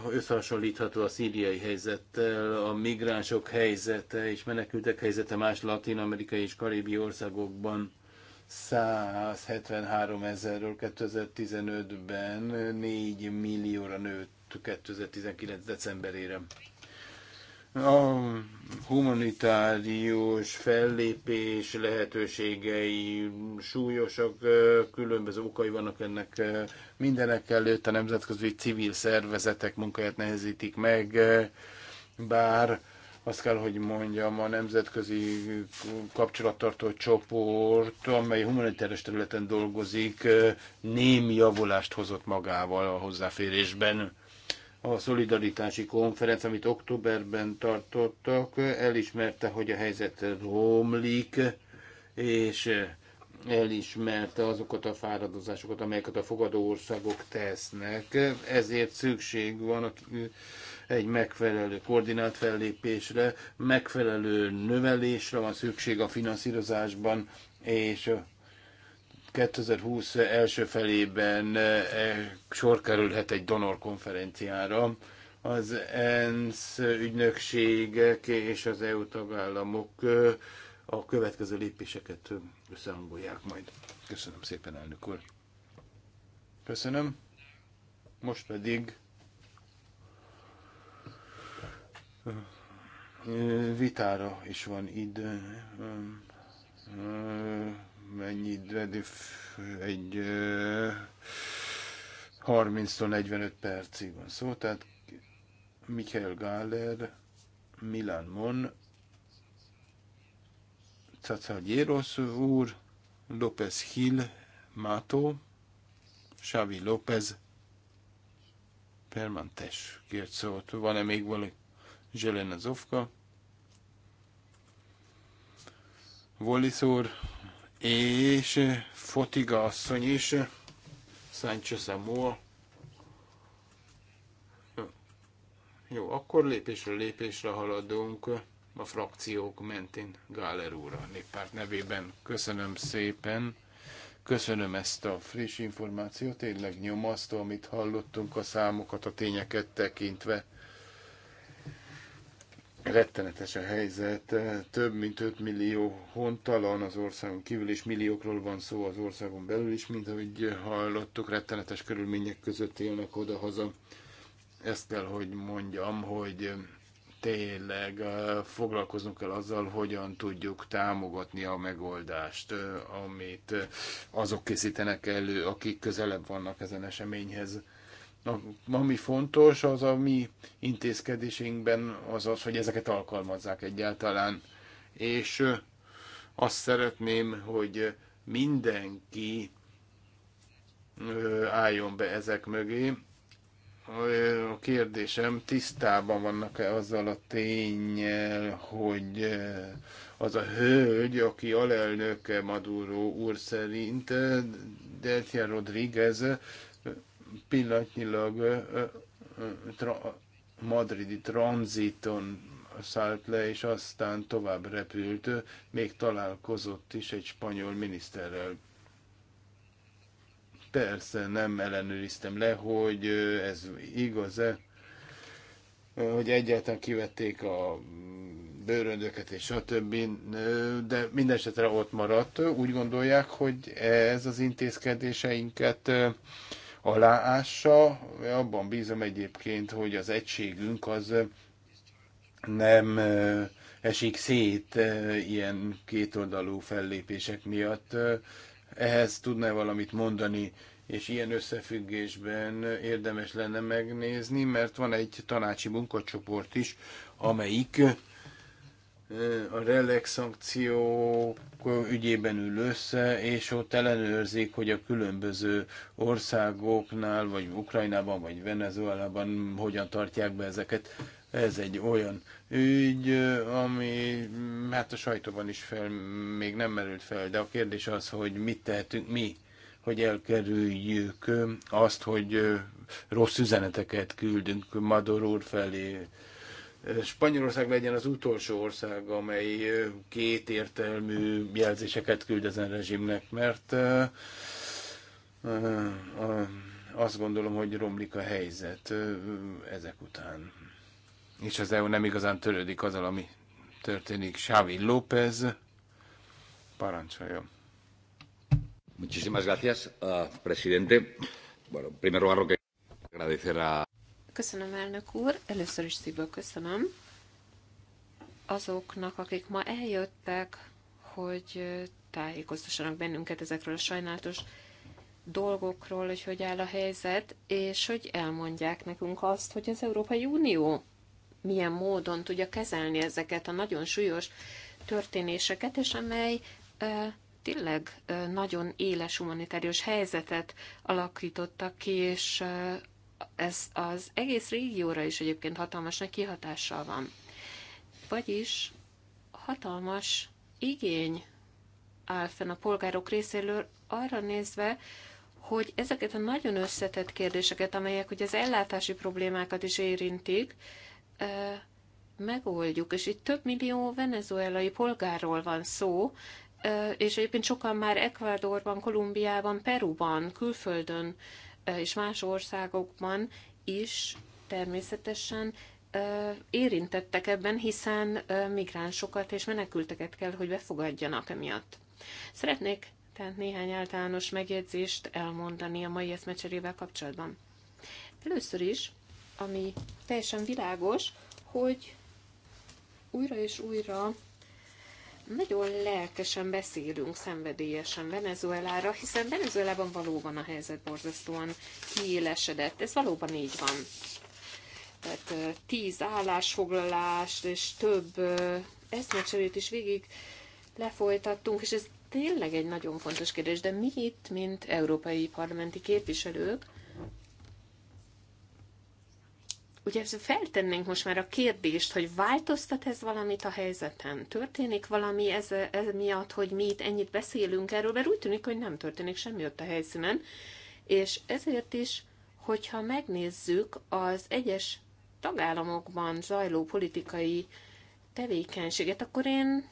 Összehasonlítható a szíriai helyzettel, a migránsok helyzete és menekültek helyzete más latin-amerikai és karibi országokban. 173 ezerről 2015-ben 4 millióra nőtt 2019. decemberére a humanitárius fellépés lehetőségei súlyosak, különböző okai vannak ennek mindenek előtt, a nemzetközi civil szervezetek munkáját nehezítik meg, bár azt kell, hogy mondjam, a nemzetközi kapcsolattartó csoport, amely humanitárius területen dolgozik, némi javulást hozott magával a hozzáférésben a szolidaritási konferenc, amit októberben tartottak, elismerte, hogy a helyzet romlik, és elismerte azokat a fáradozásokat, amelyeket a fogadó országok tesznek. Ezért szükség van egy megfelelő koordinált fellépésre, megfelelő növelésre van szükség a finanszírozásban, és 2020 első felében eh, sor kerülhet egy donor konferenciára. Az ENSZ ügynökségek és az EU tagállamok eh, a következő lépéseket eh, összehangolják majd. Köszönöm szépen, elnök úr. Köszönöm. Most pedig vitára is van idő mennyi egy 30 45 percig van szó, tehát Michael Galler, Milan Mon, Caca Gyérosz úr, López Hill, Mato, Xavi López, Permantes kért szót. Van-e még valami? Zselena Zofka, Wallis úr, és eh, Fotiga asszony is, eh, Sánchez Amor. Hm. Jó, akkor lépésről lépésre haladunk eh, a frakciók mentén. Gáler úr a néppárt nevében. Köszönöm szépen. Köszönöm ezt a friss információt, tényleg nyomasztó, amit hallottunk, a számokat, a tényeket tekintve rettenetes a helyzet. Több mint 5 millió hontalan az országon kívül, és milliókról van szó az országon belül is, mint ahogy hallottuk, rettenetes körülmények között élnek oda-haza. Ezt kell, hogy mondjam, hogy tényleg eh, foglalkoznunk kell azzal, hogyan tudjuk támogatni a megoldást, eh, amit eh, azok készítenek elő, akik közelebb vannak ezen eseményhez ami fontos, az a mi intézkedésünkben az az, hogy ezeket alkalmazzák egyáltalán. És azt szeretném, hogy mindenki álljon be ezek mögé. A kérdésem, tisztában vannak-e azzal a tényel, hogy az a hölgy, aki alelnöke Maduro úr szerint, Deltia Rodriguez pillanatnyilag tra, madridi tranziton szállt le, és aztán tovább repült, még találkozott is egy spanyol miniszterrel. Persze nem ellenőriztem le, hogy ez igaz-e, hogy egyáltalán kivették a bőröndöket és többi, De mindesetre ott maradt. Úgy gondolják, hogy ez az intézkedéseinket aláássa. Abban bízom egyébként, hogy az egységünk az nem esik szét ilyen kétoldalú fellépések miatt. Ehhez tudná valamit mondani, és ilyen összefüggésben érdemes lenne megnézni, mert van egy tanácsi munkacsoport is, amelyik a relax szankciók ügyében ül össze, és ott ellenőrzik, hogy a különböző országoknál, vagy Ukrajnában, vagy Venezuelában hogyan tartják be ezeket. Ez egy olyan ügy, ami hát a sajtóban is fel, még nem merült fel, de a kérdés az, hogy mit tehetünk mi, hogy elkerüljük azt, hogy rossz üzeneteket küldünk Maduro úr felé, Spanyolország legyen az utolsó ország, amely két értelmű jelzéseket küld ezen rezsimnek, mert azt gondolom, hogy romlik a helyzet ezek után. És az EU nem igazán törődik azzal, ami történik. Xavi López parancsoljon. Muchísimas gracias, uh, presidente. Bueno, primero lugar, agradecer a... Köszönöm, elnök úr. Először is szívből köszönöm azoknak, akik ma eljöttek, hogy tájékoztassanak bennünket ezekről a sajnálatos dolgokról, hogy hogy áll a helyzet, és hogy elmondják nekünk azt, hogy az Európai Unió milyen módon tudja kezelni ezeket a nagyon súlyos történéseket, és amely e, tényleg e, nagyon éles humanitárius helyzetet alakítottak ki, és e, ez az egész régióra is egyébként hatalmas nagy kihatással van. Vagyis hatalmas igény áll fenn a polgárok részéről arra nézve, hogy ezeket a nagyon összetett kérdéseket, amelyek ugye az ellátási problémákat is érintik, megoldjuk. És itt több millió venezuelai polgárról van szó, és egyébként sokan már Ecuadorban, Kolumbiában, Peruban, külföldön és más országokban is természetesen érintettek ebben, hiszen migránsokat és menekülteket kell, hogy befogadjanak emiatt. Szeretnék tehát néhány általános megjegyzést elmondani a mai eszmecserével kapcsolatban. Először is, ami teljesen világos, hogy újra és újra nagyon lelkesen beszélünk szenvedélyesen Venezuelára, hiszen Venezuelában valóban a helyzet borzasztóan kiélesedett. Ez valóban így van. Tehát tíz állásfoglalást és több eszmecserét is végig lefolytattunk, és ez tényleg egy nagyon fontos kérdés, de mi itt, mint európai parlamenti képviselők, ugye feltennénk most már a kérdést, hogy változtat ez valamit a helyzeten? Történik valami ez, ez miatt, hogy mi itt ennyit beszélünk erről, mert úgy tűnik, hogy nem történik semmi ott a helyszínen, és ezért is, hogyha megnézzük az egyes tagállamokban zajló politikai tevékenységet, akkor én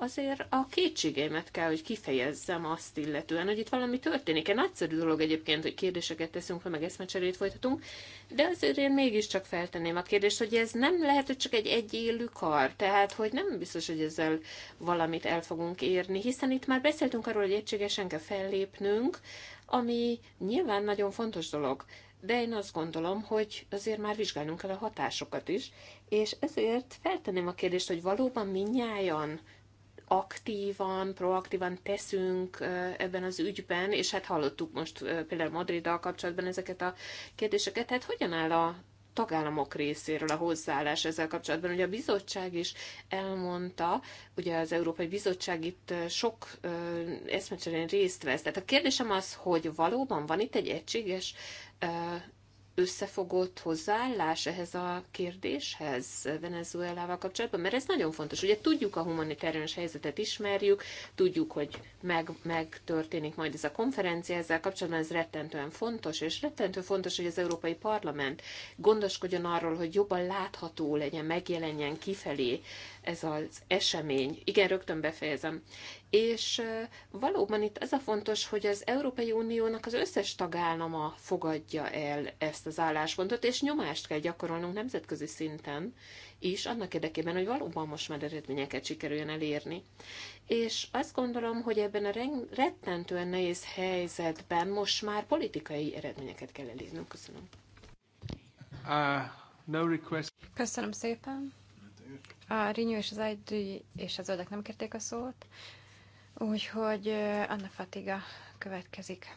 azért a kétségeimet kell, hogy kifejezzem azt illetően, hogy itt valami történik. Egy nagyszerű dolog egyébként, hogy kérdéseket teszünk fel, meg eszmecserét folytatunk, de azért én mégiscsak feltenném a kérdést, hogy ez nem lehet, hogy csak egy egyélű kar, tehát hogy nem biztos, hogy ezzel valamit el fogunk érni, hiszen itt már beszéltünk arról, hogy egységesen kell fellépnünk, ami nyilván nagyon fontos dolog, de én azt gondolom, hogy azért már vizsgálnunk kell a hatásokat is, és ezért feltenném a kérdést, hogy valóban minnyáján aktívan, proaktívan teszünk ebben az ügyben, és hát hallottuk most például Madriddal kapcsolatban ezeket a kérdéseket, hát hogyan áll a tagállamok részéről a hozzáállás ezzel kapcsolatban. Ugye a bizottság is elmondta, ugye az Európai Bizottság itt sok eszmecserén részt vesz. Tehát a kérdésem az, hogy valóban van itt egy egységes összefogott hozzáállás ehhez a kérdéshez Venezuelával kapcsolatban? Mert ez nagyon fontos. Ugye tudjuk a humanitárius helyzetet, ismerjük, tudjuk, hogy meg, megtörténik majd ez a konferencia ezzel kapcsolatban, ez rettentően fontos, és rettentő fontos, hogy az Európai Parlament gondoskodjon arról, hogy jobban látható legyen, megjelenjen kifelé ez az esemény. Igen, rögtön befejezem. És valóban itt az a fontos, hogy az Európai Uniónak az összes tagállama fogadja el ezt az álláspontot, és nyomást kell gyakorolnunk nemzetközi szinten is, annak érdekében, hogy valóban most már eredményeket sikerüljön elérni. És azt gondolom, hogy ebben a rettentően nehéz helyzetben most már politikai eredményeket kell elérnünk. Köszönöm. Uh, no request. Köszönöm szépen. A Rinyó és az ID és az zöldek nem kérték a szót, úgyhogy Anna Fatiga következik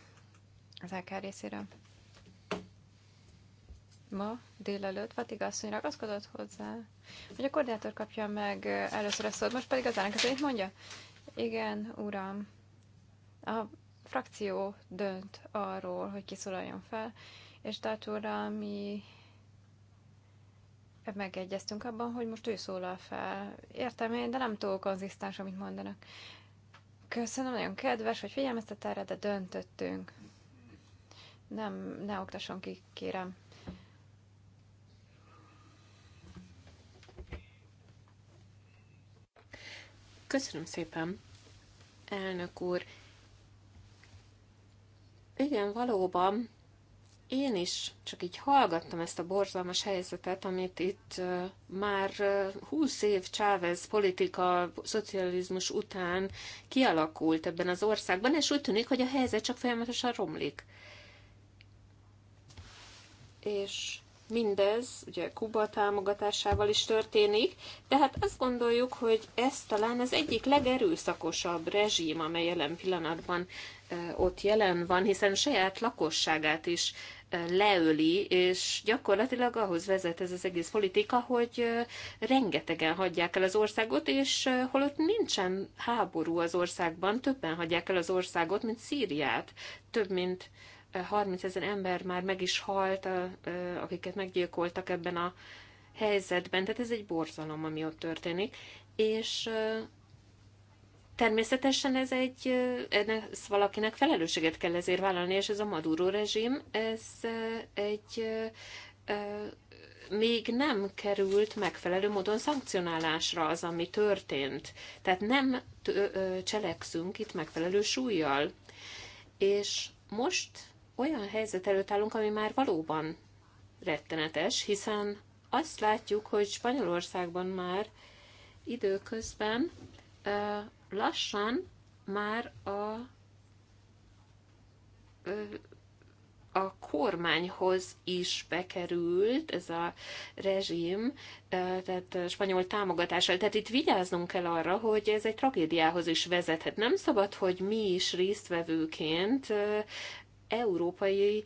az LK részéről. Ma délelőtt Fatiga asszony ragaszkodott hozzá, hogy a koordinátor kapja meg először a szót, most pedig az ellenkezőjét mondja. Igen, uram, a frakció dönt arról, hogy kiszólaljon fel, és Tartóra mi megegyeztünk abban, hogy most ő szólal fel. Értem én, de nem túl konzisztens, amit mondanak. Köszönöm, nagyon kedves, hogy figyelmeztet erre, de döntöttünk. Nem, ne oktasson ki, kérem. Köszönöm szépen, elnök úr. Igen, valóban én is csak így hallgattam ezt a borzalmas helyzetet, amit itt már 20 év Chávez politika, szocializmus után kialakult ebben az országban, és úgy tűnik, hogy a helyzet csak folyamatosan romlik. És mindez ugye Kuba támogatásával is történik, de hát azt gondoljuk, hogy ez talán az egyik legerőszakosabb rezsim, amely jelen pillanatban ott jelen van, hiszen saját lakosságát is leöli, és gyakorlatilag ahhoz vezet ez az egész politika, hogy rengetegen hagyják el az országot, és holott nincsen háború az országban, többen hagyják el az országot, mint Szíriát. Több mint 30 ezer ember már meg is halt, akiket meggyilkoltak ebben a helyzetben. Tehát ez egy borzalom, ami ott történik. És Természetesen ez egy, ennek, ez valakinek felelősséget kell ezért vállalni, és ez a Maduro rezsim, ez egy még nem került megfelelő módon szankcionálásra az, ami történt. Tehát nem cselekszünk itt megfelelő súlyjal. És most olyan helyzet előtt állunk, ami már valóban rettenetes, hiszen azt látjuk, hogy Spanyolországban már időközben lassan már a, a kormányhoz is bekerült ez a rezsim, tehát a spanyol támogatással. Tehát itt vigyáznunk kell arra, hogy ez egy tragédiához is vezethet. Nem szabad, hogy mi is résztvevőként európai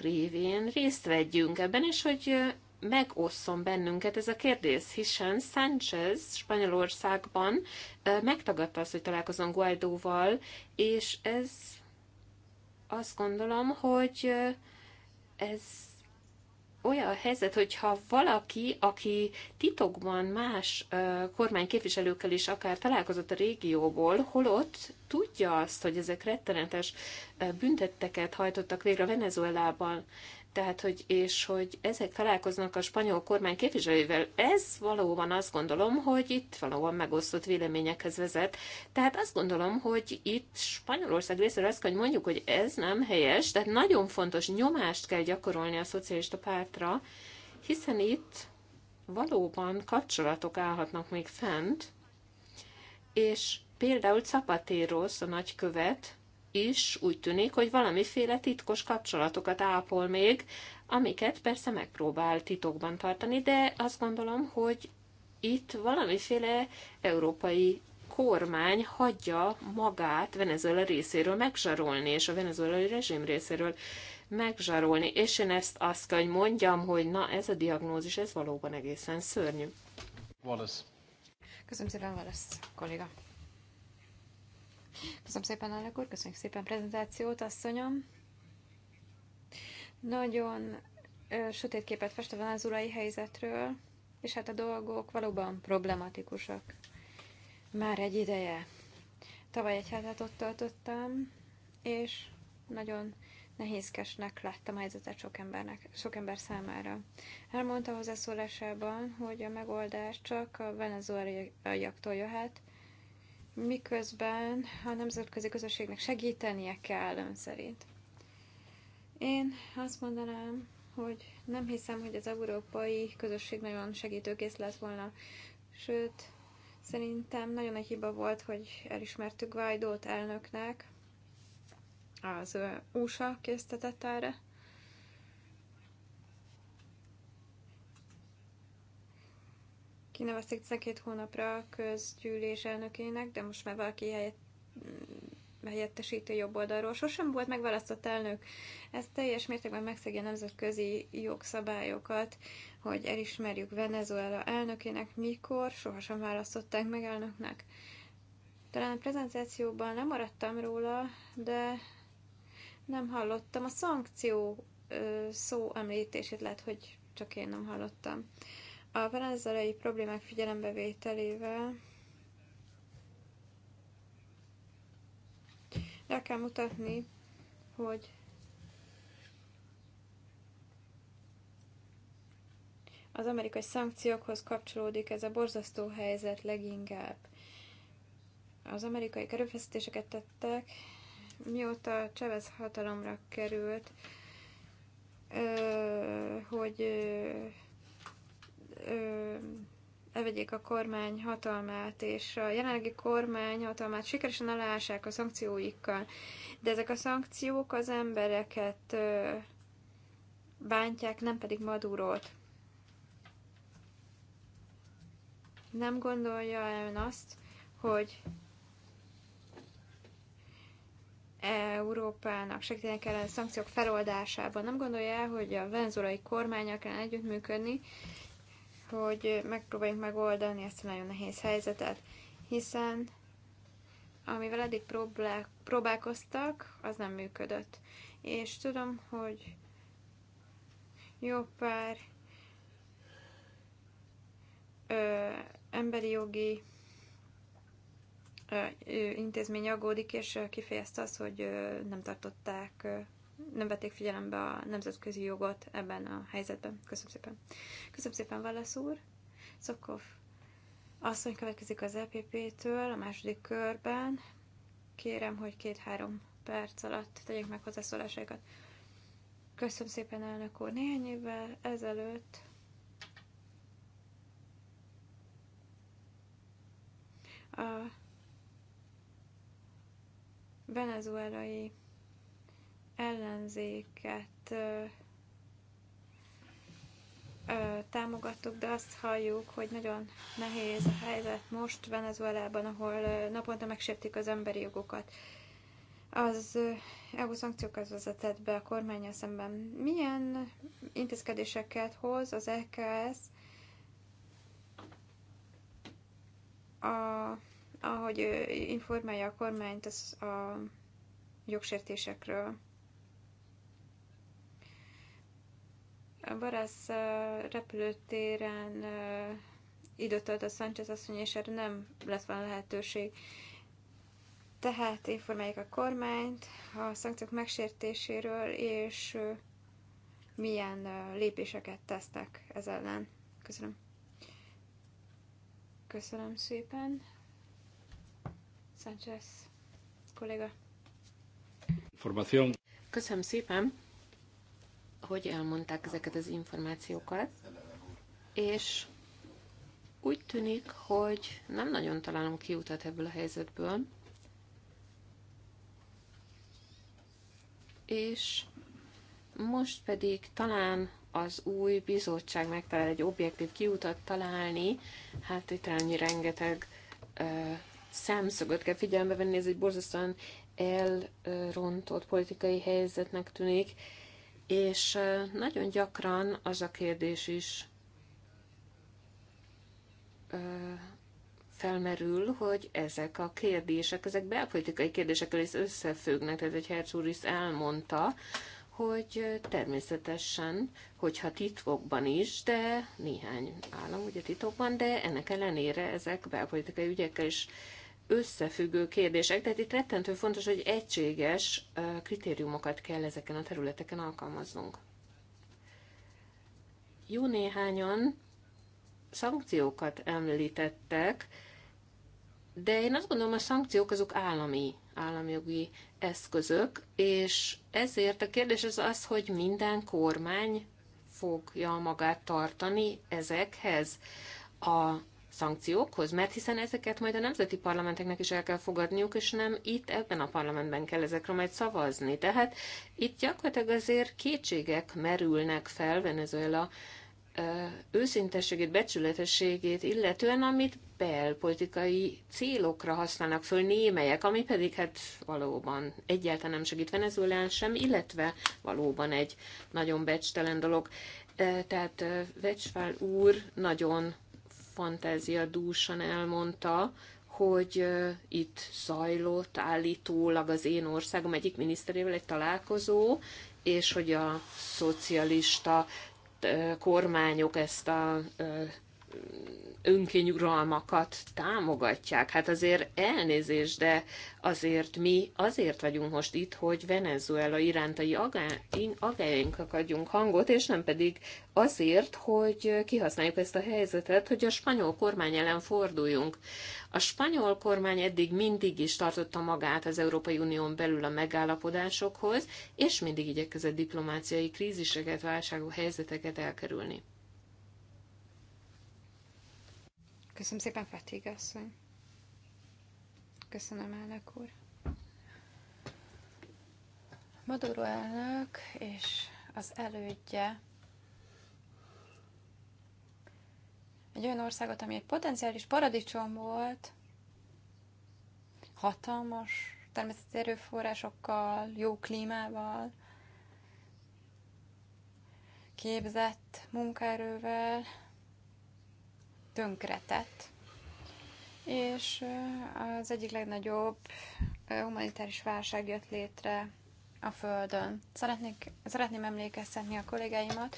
révén részt vegyünk ebben, és hogy megosszon bennünket ez a kérdés, hiszen Sánchez Spanyolországban megtagadta azt, hogy találkozom Guaidóval, és ez azt gondolom, hogy ez olyan helyzet, hogyha valaki, aki titokban más kormány képviselőkkel is akár találkozott a régióból, holott tudja azt, hogy ezek rettenetes büntetteket hajtottak végre Venezuelában, tehát hogy, és hogy ezek találkoznak a spanyol kormány képviselőivel, ez valóban azt gondolom, hogy itt valóban megosztott véleményekhez vezet. Tehát azt gondolom, hogy itt Spanyolország részéről azt kell, hogy mondjuk, hogy ez nem helyes, tehát nagyon fontos nyomást kell gyakorolni a szocialista pártra, hiszen itt valóban kapcsolatok állhatnak még fent, és például Zapatero, a nagykövet, is úgy tűnik, hogy valamiféle titkos kapcsolatokat ápol még, amiket persze megpróbál titokban tartani, de azt gondolom, hogy itt valamiféle európai kormány hagyja magát Venezuela részéről megzsarolni, és a venezuelai rezsim részéről megzsarolni. És én ezt azt kell, hogy mondjam, hogy na ez a diagnózis, ez valóban egészen szörnyű. Wallace. Köszönöm szépen, Wallace kolléga. Köszönöm szépen, elnök úr, köszönjük szépen a prezentációt, asszonyom. Nagyon ö, sötét képet fest a venezuelai helyzetről, és hát a dolgok valóban problematikusak. Már egy ideje. Tavaly egy hetet ott töltöttem, és nagyon nehézkesnek láttam a helyzetet sok, embernek, sok ember számára. Elmondta hozzászólásában, hogy a megoldás csak a venezuelaiaktól jöhet, miközben a nemzetközi közösségnek segítenie kell ön szerint. Én azt mondanám, hogy nem hiszem, hogy az európai közösség nagyon segítőkész lett volna. Sőt, szerintem nagyon nagy hiba volt, hogy elismertük Guaidót elnöknek. Az USA késztetett erre. kinevezték 12 hónapra a közgyűlés elnökének, de most már valaki helyett, helyettesítő jobb oldalról. Sosem volt megválasztott elnök. Ez teljes mértékben megszegi a nemzetközi jogszabályokat, hogy elismerjük Venezuela elnökének, mikor sohasem választották meg elnöknek. Talán a prezentációban nem maradtam róla, de nem hallottam. A szankció szó említését lehet, hogy csak én nem hallottam. A venezuelai problémák figyelembevételével rá kell mutatni, hogy az amerikai szankciókhoz kapcsolódik ez a borzasztó helyzet leginkább. Az amerikai kerülfeszítéseket tettek, mióta Csevez hatalomra került, hogy ö, elvegyék a kormány hatalmát, és a jelenlegi kormány hatalmát sikeresen aláássák a szankcióikkal. De ezek a szankciók az embereket ö, bántják, nem pedig Madurót. Nem gondolja ön azt, hogy Európának segítenek ellen szankciók feloldásában. Nem gondolja el, hogy a venezuelai kormányal kell együttműködni, hogy megpróbáljuk megoldani ezt a nagyon nehéz helyzetet, hiszen amivel eddig próbálkoztak, az nem működött. És tudom, hogy jó pár ö, emberi jogi ö, intézmény aggódik, és kifejezte azt, hogy ö, nem tartották ö, nem vették figyelembe a nemzetközi jogot ebben a helyzetben. Köszönöm szépen. Köszönöm szépen, Wallace úr. Szokov asszony következik az EPP-től a második körben. Kérem, hogy két-három perc alatt tegyék meg hozzászólásaikat. Köszönöm szépen, elnök úr. Néhány évvel ezelőtt a venezuelai ellenzéket ö, támogattuk, de azt halljuk, hogy nagyon nehéz a helyzet most Venezuelában, ahol ö, naponta megsértik az emberi jogokat. Az EU szankciókhoz vezetett be a kormánya szemben. Milyen intézkedéseket hoz az EKS, a, ahogy informálja a kormányt az, a jogsértésekről? Barász repülőtéren időt a Sánchez asszony, és erre nem lett volna lehetőség. Tehát informáljuk a kormányt a szankciók megsértéséről, és milyen lépéseket tesznek ez ellen. Köszönöm. Köszönöm szépen. Sánchez kolléga. Información. Köszönöm szépen hogy elmondták ezeket az információkat, és úgy tűnik, hogy nem nagyon találom kiutat ebből a helyzetből, és most pedig talán az új bizottság megtalál egy objektív kiutat találni, hát itt annyi rengeteg ö, szemszögöt kell figyelembe venni, ez egy borzasztóan elrontott politikai helyzetnek tűnik, és nagyon gyakran az a kérdés is felmerül, hogy ezek a kérdések, ezek belpolitikai kérdésekkel is összefüggnek. Tehát egy Herz is elmondta, hogy természetesen, hogyha titkokban is, de néhány állam ugye titokban, de ennek ellenére ezek belpolitikai ügyekkel is összefüggő kérdések, tehát itt rettentő fontos, hogy egységes kritériumokat kell ezeken a területeken alkalmaznunk. Jó néhányan szankciókat említettek, de én azt gondolom, a szankciók azok állami, államjogi eszközök, és ezért a kérdés az az, hogy minden kormány fogja magát tartani ezekhez a szankciókhoz, mert hiszen ezeket majd a nemzeti parlamenteknek is el kell fogadniuk, és nem itt, ebben a parlamentben kell ezekről majd szavazni. Tehát itt gyakorlatilag azért kétségek merülnek fel Venezuela őszintességét, becsületességét illetően, amit belpolitikai célokra használnak föl némelyek, ami pedig hát valóban egyáltalán nem segít Venezuelán sem, illetve valóban egy nagyon becstelen dolog. Tehát Vecsfál úr nagyon fantázia dúsan elmondta, hogy itt zajlott állítólag az én országom egyik miniszterével egy találkozó, és hogy a szocialista kormányok ezt a önkényuralmakat támogatják. Hát azért elnézés, de azért mi azért vagyunk most itt, hogy Venezuela irántai agályainkat adjunk hangot, és nem pedig azért, hogy kihasználjuk ezt a helyzetet, hogy a spanyol kormány ellen forduljunk. A spanyol kormány eddig mindig is tartotta magát az Európai Unión belül a megállapodásokhoz, és mindig igyekezett diplomáciai kríziseket, válságú helyzeteket elkerülni. Köszönöm szépen, Fatiga asszony. Köszönöm, elnök úr. Maduro elnök és az elődje egy olyan országot, ami egy potenciális paradicsom volt, hatalmas természeti erőforrásokkal, jó klímával, képzett munkaerővel, tönkretett. És az egyik legnagyobb humanitáris válság jött létre a Földön. Szeretnék, szeretném emlékeztetni a kollégáimat,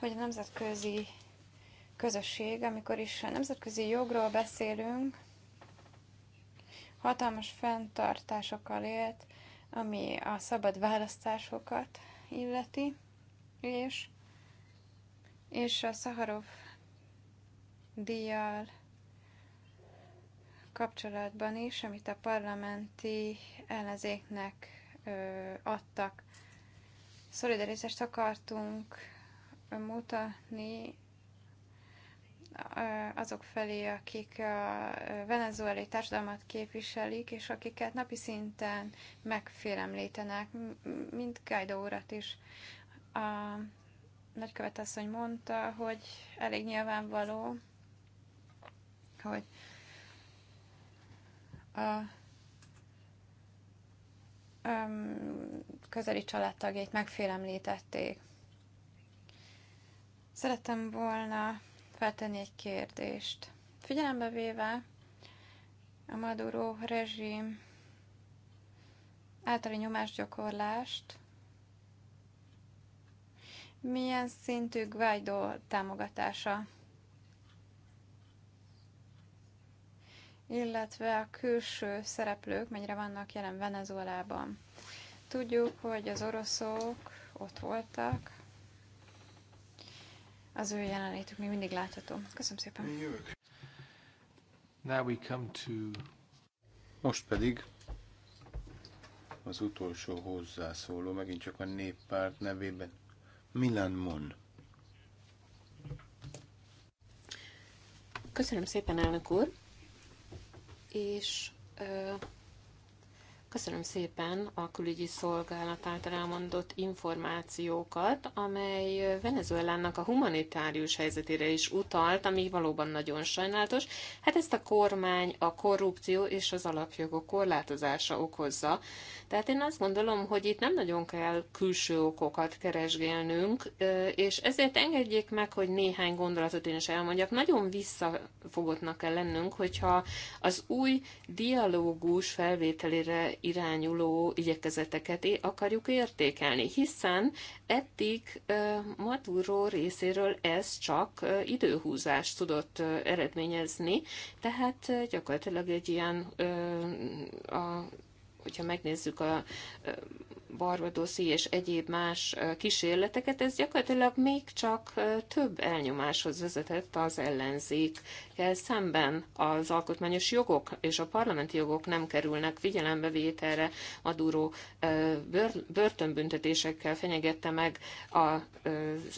hogy a nemzetközi közösség, amikor is a nemzetközi jogról beszélünk, hatalmas fenntartásokkal élt, ami a szabad választásokat illeti, és, és a Szaharov díjjal kapcsolatban is, amit a parlamenti ellenzéknek adtak. Szolidaritást akartunk mutatni azok felé, akik a venezuelai társadalmat képviselik, és akiket napi szinten megfélemlítenek, mint Guaido urat is. A nagykövet asszony mondta, hogy elég nyilvánvaló, hogy a közeli családtagjait megfélemlítették. Szerettem volna feltenni egy kérdést. Figyelembe véve a Maduro rezsim általi nyomásgyakorlást, milyen szintű Guaidó támogatása illetve a külső szereplők mennyire vannak jelen Venezuelában. Tudjuk, hogy az oroszok ott voltak, az ő jelenlétük még mindig látható. Köszönöm szépen. Now we come to... Most pedig az utolsó hozzászóló, megint csak a néppárt nevében, Milan Mon. Köszönöm szépen, elnök úr! és Köszönöm szépen a külügyi szolgálat által elmondott információkat, amely Venezuelának a humanitárius helyzetére is utalt, ami valóban nagyon sajnálatos. Hát ezt a kormány, a korrupció és az alapjogok korlátozása okozza. Tehát én azt gondolom, hogy itt nem nagyon kell külső okokat keresgélnünk, és ezért engedjék meg, hogy néhány gondolatot én is elmondjak. Nagyon visszafogottnak kell lennünk, hogyha az új dialógus felvételére irányuló igyekezeteket akarjuk értékelni, hiszen eddig Maduro részéről ez csak időhúzást tudott eredményezni, tehát gyakorlatilag egy ilyen a hogyha megnézzük a barbadoszi és egyéb más kísérleteket, ez gyakorlatilag még csak több elnyomáshoz vezetett az ellenzékkel szemben. Az alkotmányos jogok és a parlamenti jogok nem kerülnek figyelembevételre. Maduro börtönbüntetésekkel fenyegette meg az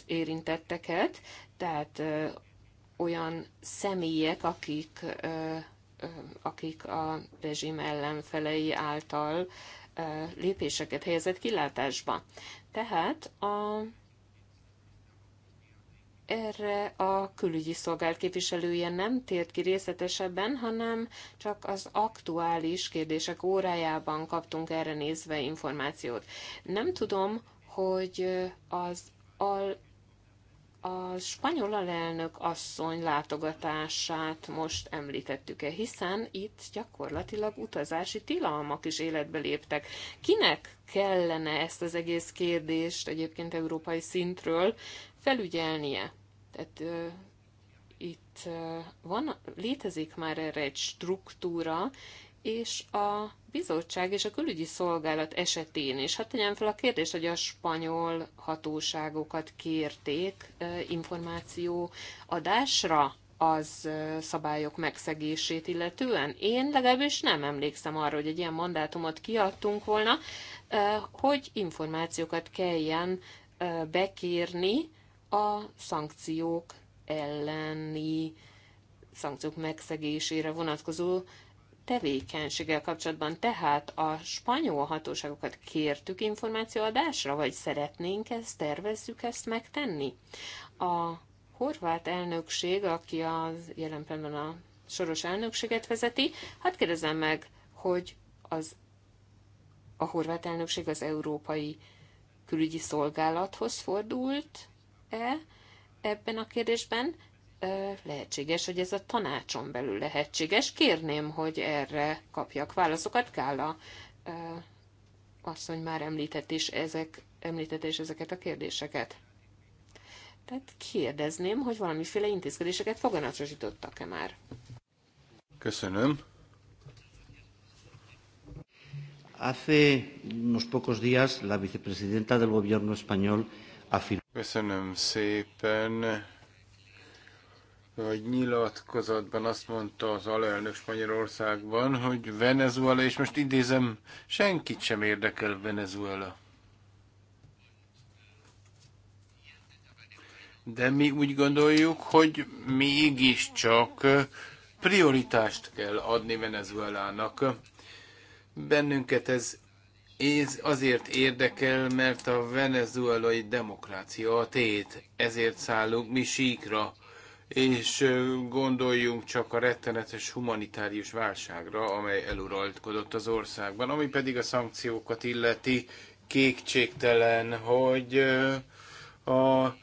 érintetteket, tehát olyan személyek, akik akik a rezsim ellenfelei által lépéseket helyezett kilátásba. Tehát a, erre a külügyi szolgált képviselője nem tért ki részletesebben, hanem csak az aktuális kérdések órájában kaptunk erre nézve információt. Nem tudom, hogy az al a spanyol alelnök asszony látogatását most említettük-e, hiszen itt gyakorlatilag utazási tilalmak is életbe léptek. Kinek kellene ezt az egész kérdést egyébként európai szintről felügyelnie? Tehát ö, itt ö, van, létezik már erre egy struktúra, és a bizottság és a külügyi szolgálat esetén is. Hát tegyem fel a kérdést, hogy a spanyol hatóságokat kérték információ adásra az szabályok megszegését illetően. Én legalábbis nem emlékszem arra, hogy egy ilyen mandátumot kiadtunk volna, hogy információkat kelljen bekérni a szankciók elleni szankciók megszegésére vonatkozó tevékenységgel kapcsolatban. Tehát a spanyol hatóságokat kértük információadásra, vagy szeretnénk ezt, tervezzük ezt megtenni? A horvát elnökség, aki az jelen pillanatban a soros elnökséget vezeti, hát kérdezem meg, hogy az a horvát elnökség az Európai Külügyi Szolgálathoz fordult-e ebben a kérdésben, lehetséges, hogy ez a tanácson belül lehetséges. Kérném, hogy erre kapjak válaszokat. Kála asszony már említett is, ezek, említett is ezeket a kérdéseket. Tehát kérdezném, hogy valamiféle intézkedéseket foganatosítottak-e már. Köszönöm. Hace unos pocos días la vicepresidenta del gobierno español afirmó. Köszönöm szépen hogy nyilatkozatban azt mondta az alelnök Magyarországban, hogy Venezuela, és most idézem, senkit sem érdekel Venezuela. De mi úgy gondoljuk, hogy mégiscsak prioritást kell adni Venezuelának. Bennünket ez ez azért érdekel, mert a venezuelai demokrácia a tét, ezért szállunk mi síkra és gondoljunk csak a rettenetes humanitárius válságra, amely eluralkodott az országban, ami pedig a szankciókat illeti kékségtelen, hogy a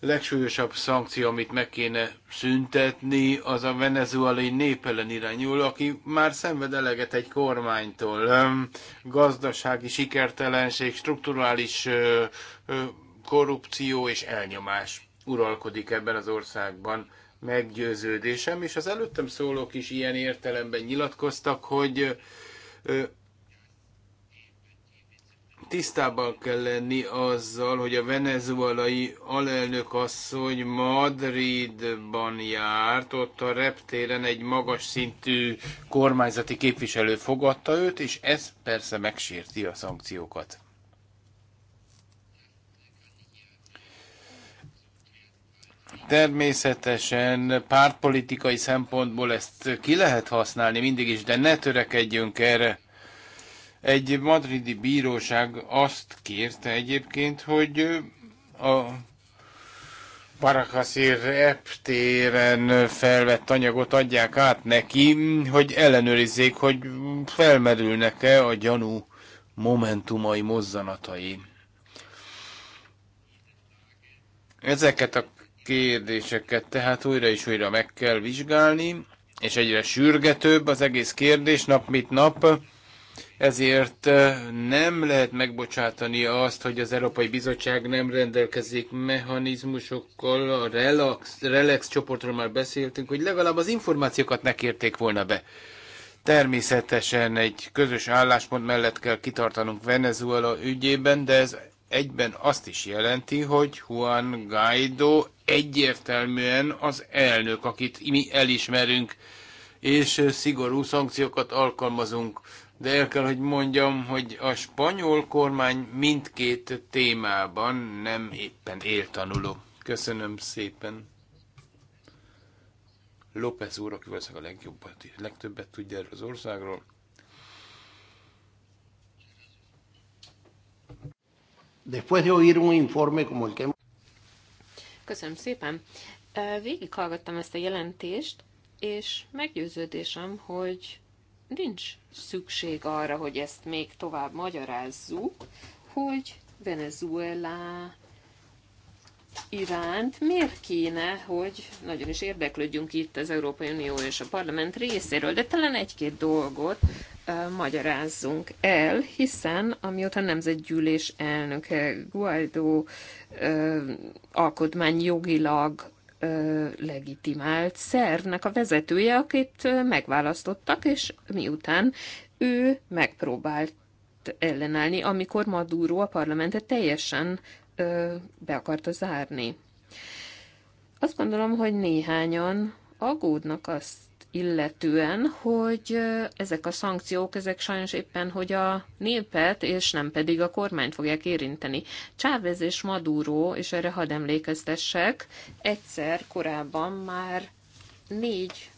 legsúlyosabb szankció, amit meg kéne szüntetni, az a venezuelai nép ellen irányul, aki már szenved eleget egy kormánytól. Gazdasági sikertelenség, strukturális korrupció és elnyomás uralkodik ebben az országban meggyőződésem, és az előttem szólók is ilyen értelemben nyilatkoztak, hogy tisztában kell lenni azzal, hogy a venezuelai alelnök asszony Madridban járt, ott a reptéren egy magas szintű kormányzati képviselő fogadta őt, és ez persze megsérti a szankciókat. Természetesen pártpolitikai szempontból ezt ki lehet használni mindig is, de ne törekedjünk erre. Egy madridi bíróság azt kérte egyébként, hogy a Barakaszir reptéren felvett anyagot adják át neki, hogy ellenőrizzék, hogy felmerülnek-e a gyanú momentumai mozzanatai. Ezeket a kérdéseket tehát újra és újra meg kell vizsgálni, és egyre sürgetőbb az egész kérdés nap mint nap, ezért nem lehet megbocsátani azt, hogy az Európai Bizottság nem rendelkezik mechanizmusokkal, a relax, relax csoportról már beszéltünk, hogy legalább az információkat ne kérték volna be. Természetesen egy közös álláspont mellett kell kitartanunk Venezuela ügyében, de ez egyben azt is jelenti, hogy Juan Guaido egyértelműen az elnök, akit mi elismerünk, és szigorú szankciókat alkalmazunk. De el kell, hogy mondjam, hogy a spanyol kormány mindkét témában nem éppen éltanuló. Köszönöm szépen. López úr, aki valószínűleg a legjobbat, legtöbbet tudja erről az országról. Después de oír un informe como el que... Köszönöm szépen. Végighallgattam ezt a jelentést, és meggyőződésem, hogy nincs szükség arra, hogy ezt még tovább magyarázzuk, hogy Venezuela iránt miért kéne, hogy nagyon is érdeklődjünk itt az Európai Unió és a Parlament részéről, de talán egy-két dolgot magyarázzunk el, hiszen amióta nemzetgyűlés elnöke Guaidó alkotmány jogilag legitimált szervnek a vezetője, akit megválasztottak, és miután ő megpróbált ellenállni, amikor Maduro a parlamentet teljesen be akarta zárni. Azt gondolom, hogy néhányan aggódnak azt illetően, hogy ezek a szankciók, ezek sajnos éppen, hogy a népet, és nem pedig a kormányt fogják érinteni. Chávez és Maduro, és erre hadd emlékeztessek, egyszer korábban már négy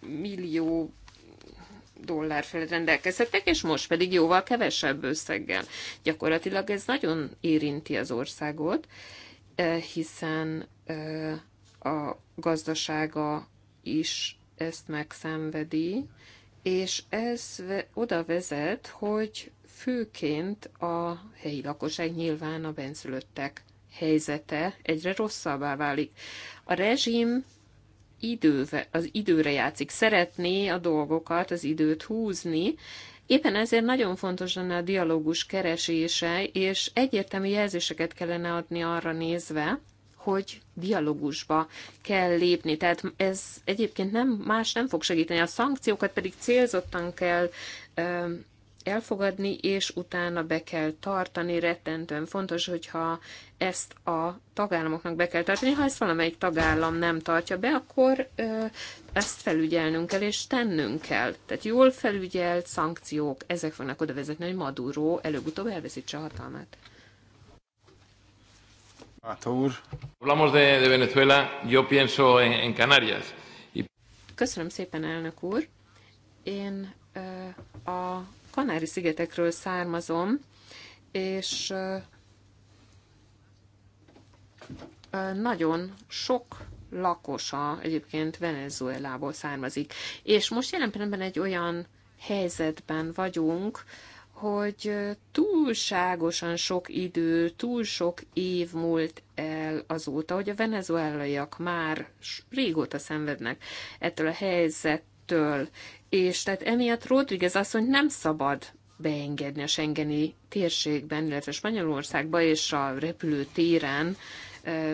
millió dollár felett rendelkezhettek, és most pedig jóval kevesebb összeggel. Gyakorlatilag ez nagyon érinti az országot, hiszen a gazdasága is ezt megszenvedi, és ez oda vezet, hogy főként a helyi lakosság, nyilván a benszülöttek helyzete egyre rosszabbá válik. A rezsim időve, az időre játszik, szeretné a dolgokat, az időt húzni, Éppen ezért nagyon fontos lenne a dialógus keresése, és egyértelmű jelzéseket kellene adni arra nézve, hogy dialógusba kell lépni. Tehát ez egyébként nem más nem fog segíteni. A szankciókat pedig célzottan kell elfogadni, és utána be kell tartani. Rettentően fontos, hogyha ezt a tagállamoknak be kell tartani. Ha ezt valamelyik tagállam nem tartja be, akkor ö, ezt felügyelnünk kell, és tennünk kell. Tehát jól felügyelt szankciók, ezek fognak oda vezetni, hogy Maduro előbb-utóbb elveszítse a hatalmát. Úr. Hablamos de, de Venezuela, yo pienso en, en Canarias. Köszönöm szépen, elnök úr. Én ö, a Kanári-szigetekről származom, és nagyon sok lakosa egyébként Venezuelából származik. És most jelen pillanatban egy olyan helyzetben vagyunk, hogy túlságosan sok idő, túl sok év múlt el azóta, hogy a venezuelaiak már régóta szenvednek ettől a helyzet től. És tehát emiatt Rodriguez mondja, nem szabad beengedni a Schengeni térségben, illetve Spanyolországba és a repülőtéren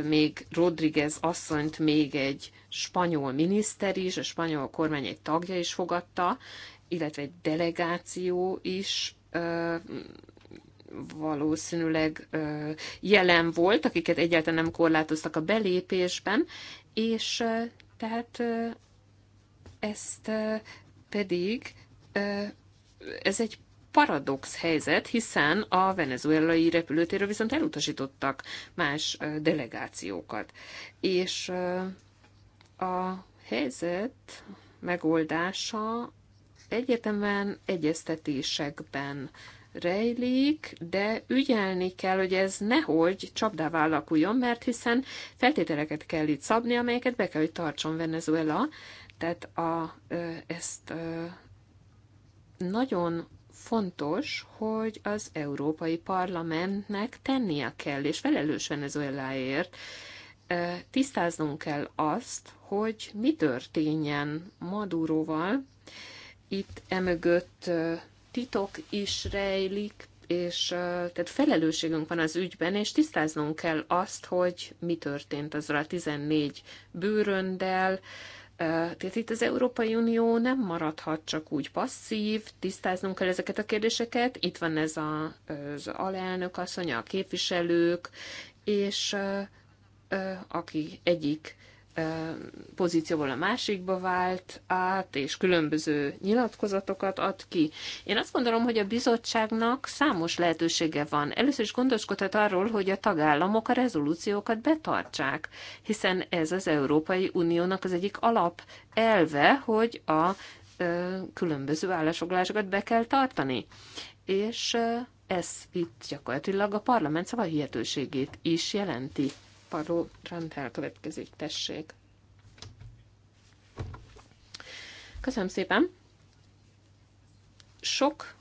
még Rodriguez asszonyt még egy spanyol miniszter is, a spanyol kormány egy tagja is fogadta, illetve egy delegáció is valószínűleg jelen volt, akiket egyáltalán nem korlátoztak a belépésben, és tehát ezt pedig ez egy paradox helyzet, hiszen a venezuelai repülőtérről viszont elutasítottak más delegációkat. És a helyzet megoldása egyetemen egyeztetésekben rejlik, de ügyelni kell, hogy ez nehogy csapdává alakuljon, mert hiszen feltételeket kell itt szabni, amelyeket be kell, hogy tartson Venezuela, tehát a, ezt nagyon fontos, hogy az Európai Parlamentnek tennie kell, és felelős Venezueláért tisztáznunk kell azt, hogy mi történjen Maduroval. Itt emögött titok is rejlik, és tehát felelősségünk van az ügyben, és tisztáznunk kell azt, hogy mi történt azzal a 14 bőröndel, tehát itt az Európai Unió nem maradhat csak úgy passzív, tisztáznunk kell ezeket a kérdéseket. Itt van ez a, az alelnök asszony, a képviselők, és aki egyik pozícióból a másikba vált át, és különböző nyilatkozatokat ad ki. Én azt gondolom, hogy a bizottságnak számos lehetősége van. Először is gondoskodhat arról, hogy a tagállamok a rezolúciókat betartsák, hiszen ez az Európai Uniónak az egyik alap elve, hogy a ö, különböző állásfoglalásokat be kell tartani. És ö, ez itt gyakorlatilag a parlament szavahihetőségét is jelenti. Paró Randel következik, tessék. Köszönöm szépen. Sok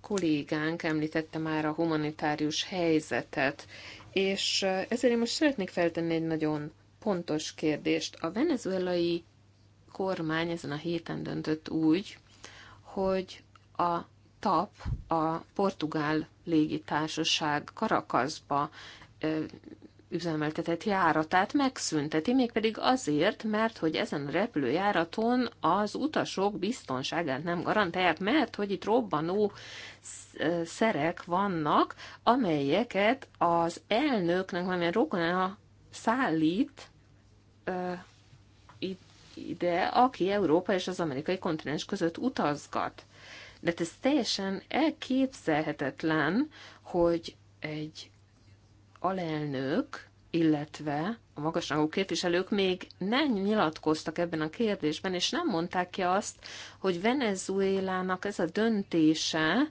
kollégánk említette már a humanitárius helyzetet, és ezért én most szeretnék feltenni egy nagyon pontos kérdést. A venezuelai kormány ezen a héten döntött úgy, hogy a TAP, a portugál légitársaság Karakaszba üzemeltetett járatát megszünteti, mégpedig azért, mert hogy ezen a repülőjáraton az utasok biztonságát nem garantálják, mert hogy itt robbanó szerek vannak, amelyeket az elnöknek valamilyen rokona szállít ide, aki Európa és az amerikai kontinens között utazgat. De hát ez teljesen elképzelhetetlen, hogy egy alelnök, illetve a magasrangú képviselők még nem nyilatkoztak ebben a kérdésben, és nem mondták ki azt, hogy Venezuelának ez a döntése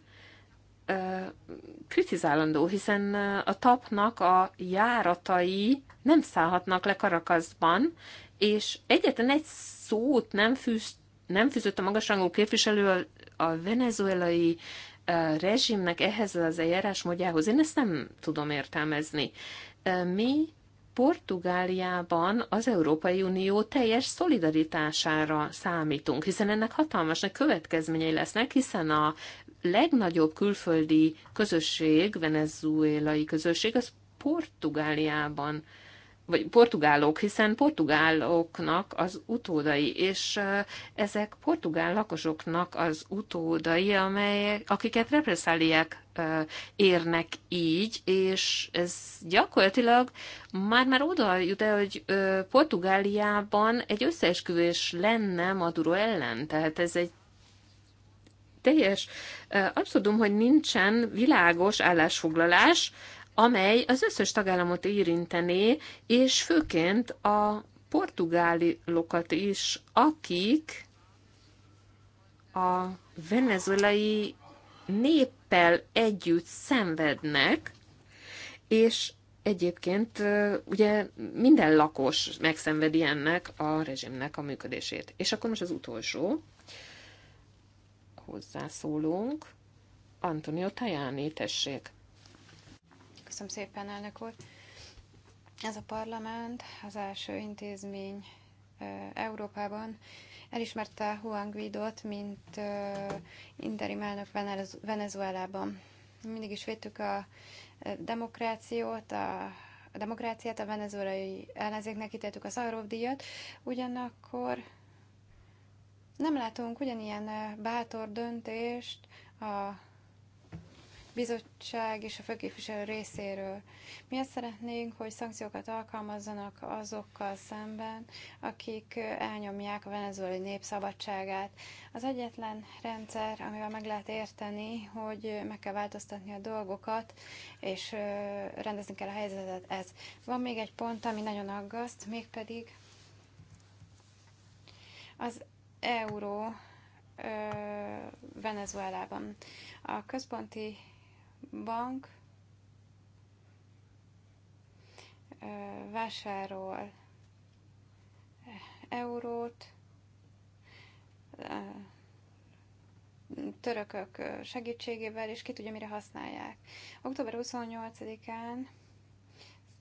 kritizálandó, hiszen a tapnak a járatai nem szállhatnak le Karakaszban, és egyetlen egy szót nem, fűz, nem fűzött a magasrangú képviselő a, a venezuelai rezsimnek ehhez az eljárásmódjához. Én ezt nem tudom értelmezni. Mi Portugáliában az Európai Unió teljes szolidaritására számítunk, hiszen ennek hatalmasnak következményei lesznek, hiszen a legnagyobb külföldi közösség, venezuelai közösség, az Portugáliában vagy portugálok, hiszen portugáloknak az utódai, és ezek portugál lakosoknak az utódai, amelyek, akiket represszáliák érnek így, és ez gyakorlatilag már-már oda jut el, hogy Portugáliában egy összeesküvés lenne Maduro ellen, tehát ez egy teljes abszurdum, hogy nincsen világos állásfoglalás amely az összes tagállamot érintené, és főként a portugálilokat is, akik a venezuelai néppel együtt szenvednek, és egyébként ugye minden lakos megszenvedi ennek a rezsimnek a működését. És akkor most az utolsó hozzászólunk, Antonio Tajani, tessék. Köszönöm szépen, elnök úr. Ez a parlament az első intézmény Európában elismerte Juan Guidot, mint interim elnök Venezuelában. Mindig is védtük a demokrációt, a a demokráciát, a venezuelai ellenzéknek ítéltük a Szarov díjat, ugyanakkor nem látunk ugyanilyen bátor döntést a bizottság és a főképviselő részéről. Mi azt szeretnénk, hogy szankciókat alkalmazzanak azokkal szemben, akik elnyomják a venezuelai nép szabadságát. Az egyetlen rendszer, amivel meg lehet érteni, hogy meg kell változtatni a dolgokat, és rendezni kell a helyzetet, ez. Van még egy pont, ami nagyon aggaszt, mégpedig az euró Venezuelában. A központi bank vásárol eurót, törökök segítségével, és ki tudja, mire használják. Október 28-án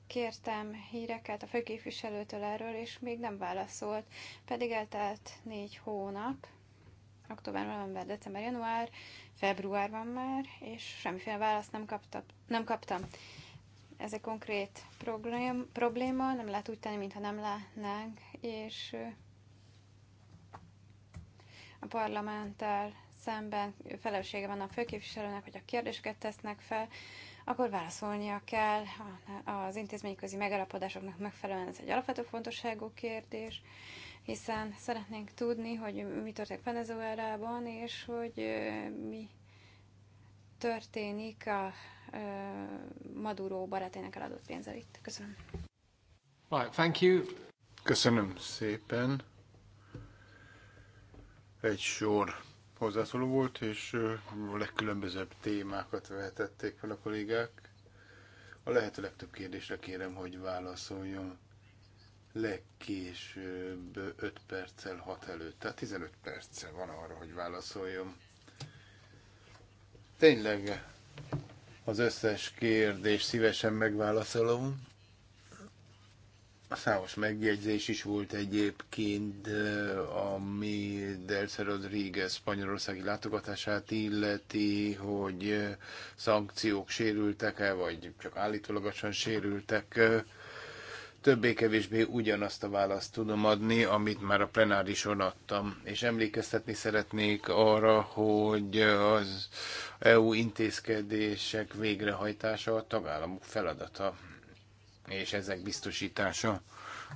kértem híreket a főképviselőtől erről, és még nem válaszolt, pedig eltelt négy hónap, október, november, december, január, február van már, és semmiféle választ nem, kapta, nem kaptam. Ez egy konkrét program, probléma, nem lehet úgy tenni, mintha nem látnánk, és a parlamenttel szemben felelőssége van a főképviselőnek, hogy a kérdéseket tesznek fel, akkor válaszolnia kell az intézményközi megállapodásoknak megfelelően. Ez egy alapvető fontosságú kérdés hiszen szeretnénk tudni, hogy mi történik Venezuelában, és hogy mi történik a Maduro barátének eladott pénzzel itt. Köszönöm. Right, thank you. Köszönöm szépen. Egy sor hozzászóló volt, és a legkülönbözőbb témákat vehetették fel a kollégák. A lehető legtöbb kérdésre kérem, hogy válaszoljon legkésőbb 5 perccel 6 előtt, tehát 15 perccel van arra, hogy válaszoljon. Tényleg az összes kérdés szívesen megválaszolom. A számos megjegyzés is volt egyébként, ami Delce Rodríguez spanyolországi látogatását illeti, hogy szankciók sérültek-e, vagy csak állítólagosan sérültek. -e többé-kevésbé ugyanazt a választ tudom adni, amit már a plenárison adtam. És emlékeztetni szeretnék arra, hogy az EU intézkedések végrehajtása a tagállamok feladata, és ezek biztosítása,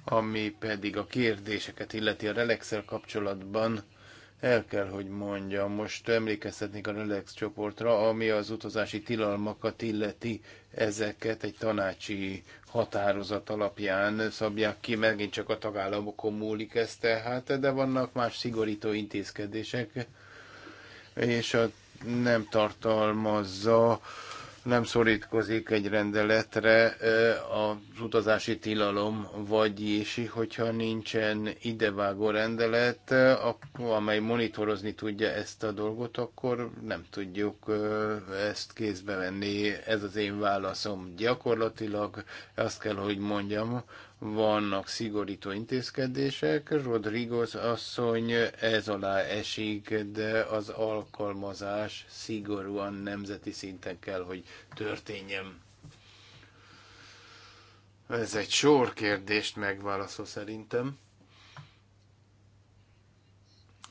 ami pedig a kérdéseket illeti a relexel kapcsolatban el kell, hogy mondjam, most emlékeztetnék a Relax csoportra, ami az utazási tilalmakat illeti, ezeket egy tanácsi határozat alapján szabják ki, megint csak a tagállamokon múlik ez tehát, de vannak más szigorító intézkedések, és a nem tartalmazza nem szorítkozik egy rendeletre az utazási tilalom, vagyis, hogyha nincsen idevágó rendelet, amely monitorozni tudja ezt a dolgot, akkor nem tudjuk ezt kézbe venni. Ez az én válaszom. Gyakorlatilag azt kell, hogy mondjam, vannak szigorító intézkedések. Rodriguez asszony ez alá esik, de az alkalmazás szigorúan nemzeti szinten kell, hogy történjen. Ez egy sor kérdést megválaszol szerintem.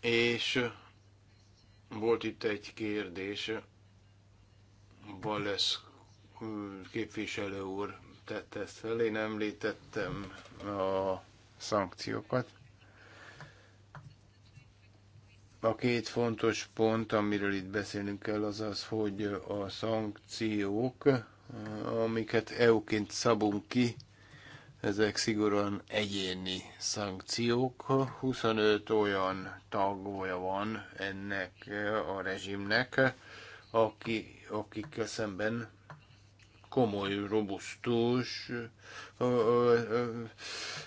És volt itt egy kérdés, Balesz képviselő úr tette ezt fel. Én említettem a szankciókat. A két fontos pont, amiről itt beszélnünk kell, az az, hogy a szankciók, amiket EU-ként szabunk ki, ezek szigorúan egyéni szankciók. 25 olyan tagolja van ennek a rezsimnek, aki, akikkel szemben komoly, robusztus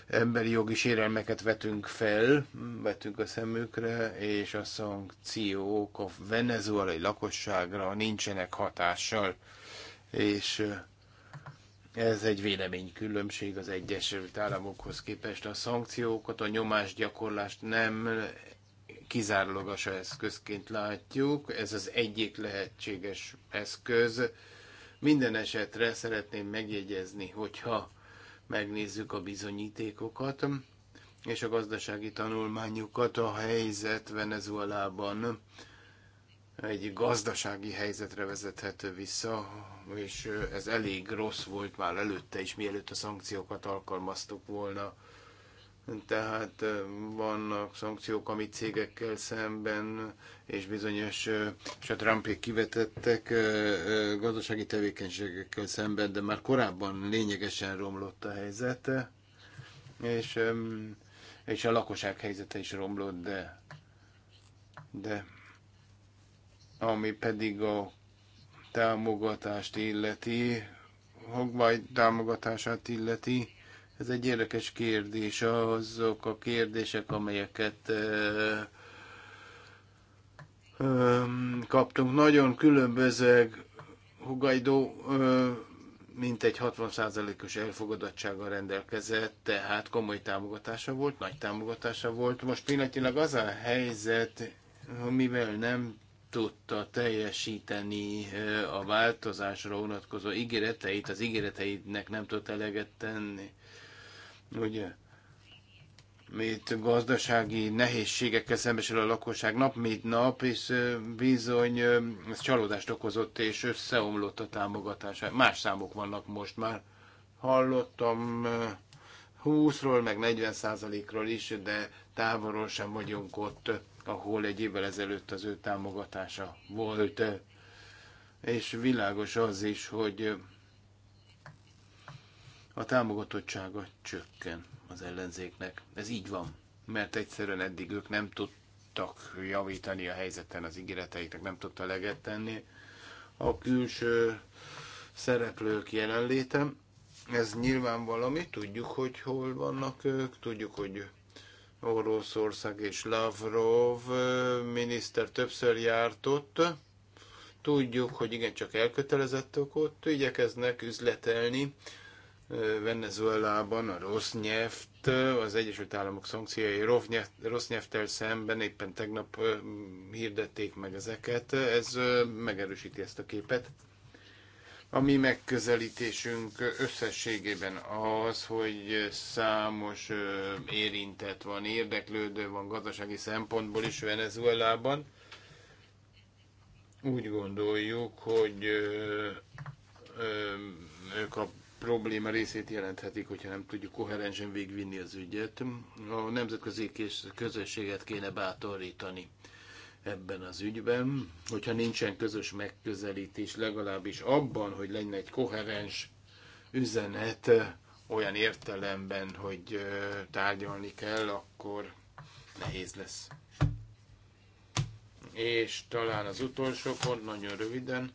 emberi jogi sérelmeket vetünk fel, vetünk a szemükre, és a szankciók a venezuelai lakosságra nincsenek hatással, és ez egy véleménykülönbség az Egyesült Államokhoz képest. A szankciókat, a nyomásgyakorlást nem kizárólagos eszközként látjuk. Ez az egyik lehetséges eszköz, minden esetre szeretném megjegyezni, hogyha megnézzük a bizonyítékokat és a gazdasági tanulmányokat a helyzet Venezuelában egy gazdasági helyzetre vezethető vissza, és ez elég rossz volt már előtte is, mielőtt a szankciókat alkalmaztuk volna tehát vannak szankciók, amit cégekkel szemben, és bizonyos, és a Trumpék kivetettek gazdasági tevékenységekkel szemben, de már korábban lényegesen romlott a helyzet, és, és a lakosság helyzete is romlott, de, de ami pedig a támogatást illeti, vagy támogatását illeti, ez egy érdekes kérdés, azok a kérdések, amelyeket kaptunk. Nagyon különbözőek Hugaidó mintegy 60%-os elfogadottsággal rendelkezett, tehát komoly támogatása volt, nagy támogatása volt. Most pillanatilag az a helyzet, amivel nem tudta teljesíteni a változásra vonatkozó ígéreteit, az ígéreteinek nem tudta eleget tenni. Ugye? mit gazdasági nehézségekkel szembesül a lakosság nap, mint nap, és bizony ez csalódást okozott, és összeomlott a támogatása. Más számok vannak most már. Hallottam 20-ról, meg 40 ról is, de távolról sem vagyunk ott, ahol egy évvel ezelőtt az ő támogatása volt. És világos az is, hogy a támogatottsága csökken az ellenzéknek. Ez így van, mert egyszerűen eddig ők nem tudtak javítani a helyzeten, az ígéreteiknek nem tudta leget tenni. A külső szereplők jelenléte, ez nyilván valami, tudjuk, hogy hol vannak ők, tudjuk, hogy Oroszország és Lavrov miniszter többször járt ott. Tudjuk, hogy igencsak elkötelezettek ott, igyekeznek üzletelni Venezuelában a rossz nyelvt, az Egyesült Államok szankciói rossz nyelvtel szemben éppen tegnap hirdették meg ezeket. Ez megerősíti ezt a képet. A mi megközelítésünk összességében az, hogy számos érintett van, érdeklődő van gazdasági szempontból is Venezuelában. Úgy gondoljuk, hogy ők a probléma részét jelenthetik, hogyha nem tudjuk koherensen végvinni az ügyet. A nemzetközi közösséget kéne bátorítani ebben az ügyben, hogyha nincsen közös megközelítés, legalábbis abban, hogy lenne egy koherens üzenet olyan értelemben, hogy tárgyalni kell, akkor nehéz lesz. És talán az utolsó pont, nagyon röviden,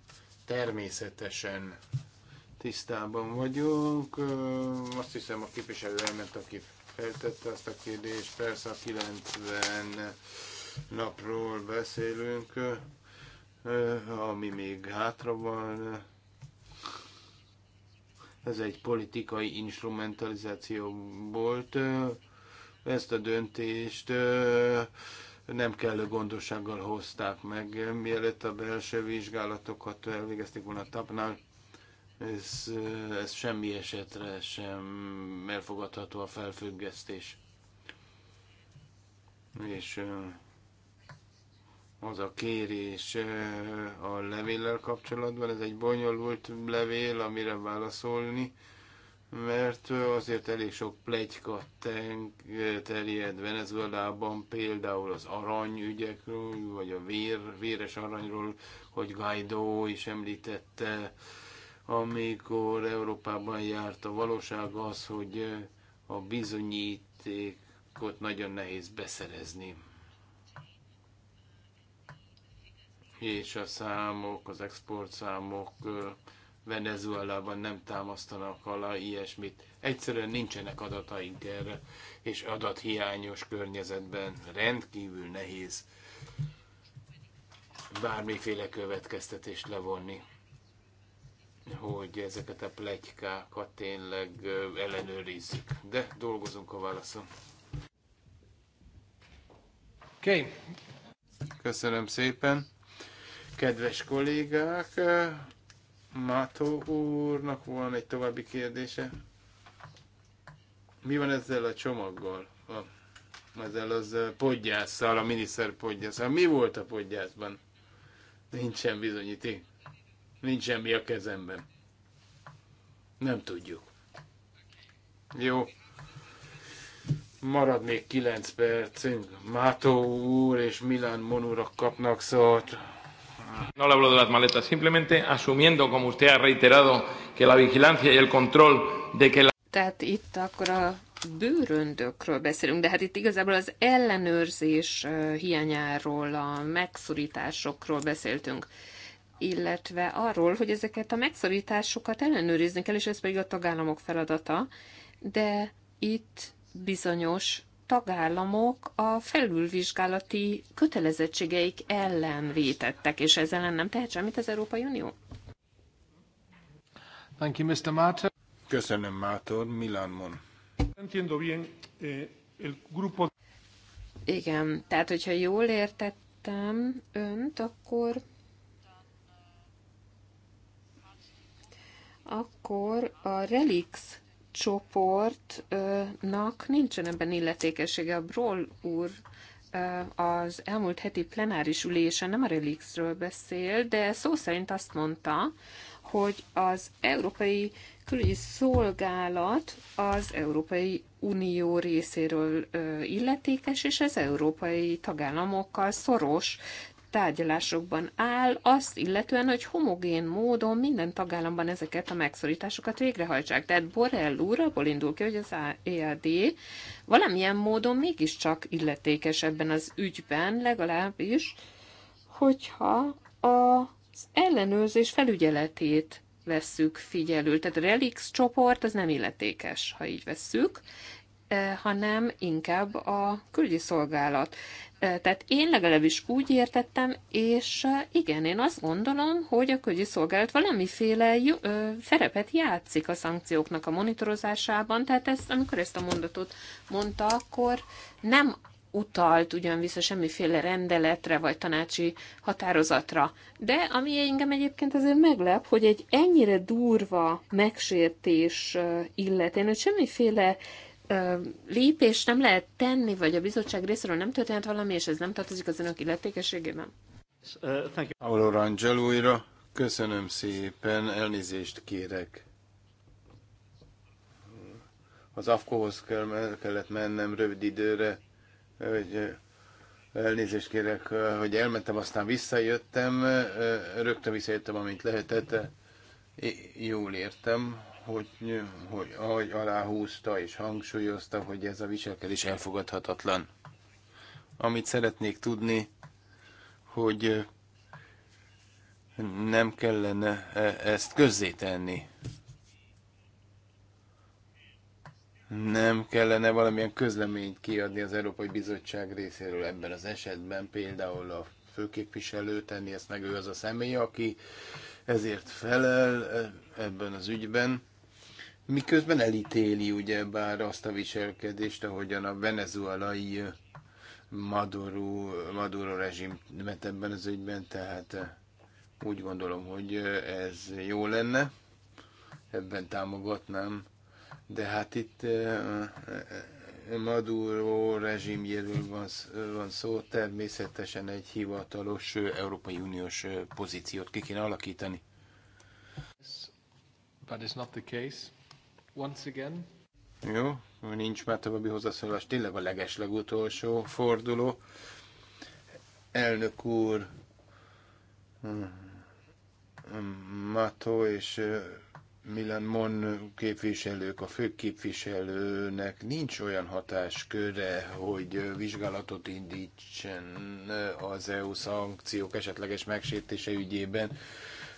természetesen tisztában vagyunk. Azt hiszem a képviselő elment, aki feltette azt a kérdést. Persze a 90 napról beszélünk, ami még hátra van. Ez egy politikai instrumentalizáció volt. Ezt a döntést nem kellő gondossággal hozták meg, mielőtt a belső vizsgálatokat elvégezték volna a tapnál ez, ez semmi esetre sem elfogadható a felfüggesztés. És az a kérés a levéllel kapcsolatban, ez egy bonyolult levél, amire válaszolni, mert azért elég sok plegyka terjed Venezuelában, például az aranyügyekről, vagy a vér, véres aranyról, hogy Guaidó is említette, amikor Európában járt a valóság az, hogy eh, a bizonyítékot nagyon nehéz beszerezni. És a számok, az exportszámok eh, Venezuelában nem támasztanak alá ilyesmit. Egyszerűen nincsenek adataink erre, és adathiányos környezetben rendkívül nehéz bármiféle következtetést levonni hogy ezeket a plegykákat tényleg ellenőrizzük. De dolgozunk a válaszon. Oké. Okay. Köszönöm szépen. Kedves kollégák, Mátó úrnak van egy további kérdése. Mi van ezzel a csomaggal? A, ezzel az podgyásszal, a miniszter podgyásszal. Mi volt a podgyászban? Nincsen bizonyíték. Nincs semmi a kezemben. Nem tudjuk. Jó. Marad még 9 percünk. Mátó úr és Milán Monura kapnak szót. No le hablo de las maletas, simplemente asumiendo, como usted ha reiterado, que la vigilancia y el control de que la... Tehát itt akkor a bőröndökről beszélünk, de hát itt igazából az ellenőrzés hiányáról, a megszorításokról beszéltünk illetve arról, hogy ezeket a megszorításokat ellenőrizni kell, és ez pedig a tagállamok feladata, de itt bizonyos tagállamok a felülvizsgálati kötelezettségeik ellen vétettek, és ezzel ellen nem tehet semmit az Európai Unió. Thank you, Mr. Mátor. Köszönöm, Mátor. Milan Mon. Entiendo bien, eh, el grupo... Igen, tehát hogyha jól értettem önt, akkor akkor a Relix csoportnak nincsen ebben illetékessége. A Broll úr az elmúlt heti plenáris ülésen nem a Relixről beszél, de szó szerint azt mondta, hogy az Európai Külügyi Szolgálat az Európai Unió részéről illetékes, és az európai tagállamokkal szoros tárgyalásokban áll, azt illetően, hogy homogén módon minden tagállamban ezeket a megszorításokat végrehajtsák. Tehát Borrell úr abból indul ki, hogy az EAD valamilyen módon mégiscsak illetékes ebben az ügyben, legalábbis, hogyha az ellenőrzés felügyeletét vesszük figyelül. Tehát a Relix csoport az nem illetékes, ha így vesszük, eh, hanem inkább a külügyi szolgálat. Tehát én legalábbis úgy értettem, és igen, én azt gondolom, hogy a kögyi szolgálat valamiféle jó, ö, szerepet játszik a szankcióknak a monitorozásában, tehát ezt, amikor ezt a mondatot mondta, akkor nem utalt ugyan vissza semmiféle rendeletre vagy tanácsi határozatra. De ami engem egyébként azért meglep, hogy egy ennyire durva megsértés illetén, hogy semmiféle lépés nem lehet tenni, vagy a bizottság részéről nem történt valami, és ez nem tartozik az önök illetékességében? Uh, Aurora Angel újra. Köszönöm szépen, elnézést kérek. Az AFKO-hoz kell, kellett mennem rövid időre, hogy elnézést kérek, hogy elmentem, aztán visszajöttem, rögtön visszajöttem, amint lehetett. Jól értem, hogy, hogy, ahogy aláhúzta és hangsúlyozta, hogy ez a viselkedés elfogadhatatlan. Amit szeretnék tudni, hogy nem kellene ezt közzétenni. Nem kellene valamilyen közleményt kiadni az Európai Bizottság részéről ebben az esetben, például a főképviselő tenni, ezt meg ő az a személy, aki ezért felel ebben az ügyben miközben elítéli ugyebár azt a viselkedést, ahogyan a venezuelai Maduro, Maduro rezsimet ebben az ügyben, tehát eh, úgy gondolom, hogy eh, ez jó lenne, ebben támogatnám, de hát itt eh, Maduro rezsimjéről van, van szó, természetesen egy hivatalos Európai Uniós pozíciót ki kéne alakítani. But it's not the case once again. Jó, nincs már további hozzászólás, tényleg a legeslegutolsó forduló. Elnök úr, mm, Mato és Milan Mon képviselők, a fő képviselőnek nincs olyan hatásköre, hogy vizsgálatot indítsen az EU szankciók esetleges megsértése ügyében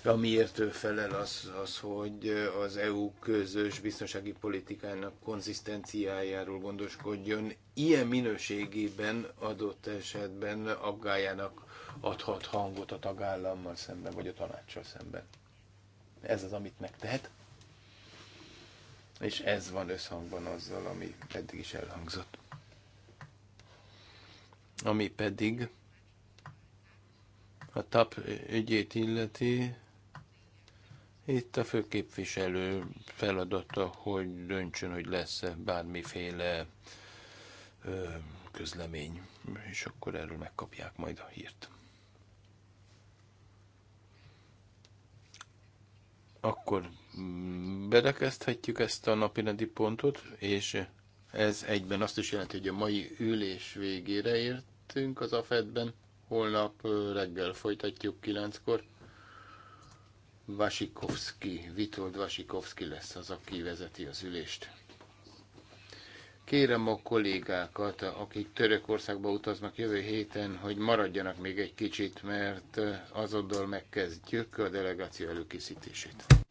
Amiért ő felel az, az, hogy az EU közös biztonsági politikának konzisztenciájáról gondoskodjon. Ilyen minőségében adott esetben aggájának adhat hangot a tagállammal szemben, vagy a tanácssal szemben. Ez az, amit megtehet. És ez van összhangban azzal, ami eddig is elhangzott. Ami pedig a TAP ügyét illeti, itt a főképviselő feladata, hogy döntsön, hogy lesz-e bármiféle ö, közlemény, és akkor erről megkapják majd a hírt. Akkor bedekezthetjük ezt a napirendi pontot, és ez egyben azt is jelenti, hogy a mai ülés végére értünk az AFED-ben. Holnap reggel folytatjuk kilenckor. kor Vasikovski, Vitold Vasikovski lesz az, aki vezeti az ülést. Kérem a kollégákat, akik Törökországba utaznak jövő héten, hogy maradjanak még egy kicsit, mert azonnal megkezdjük a delegáció előkészítését.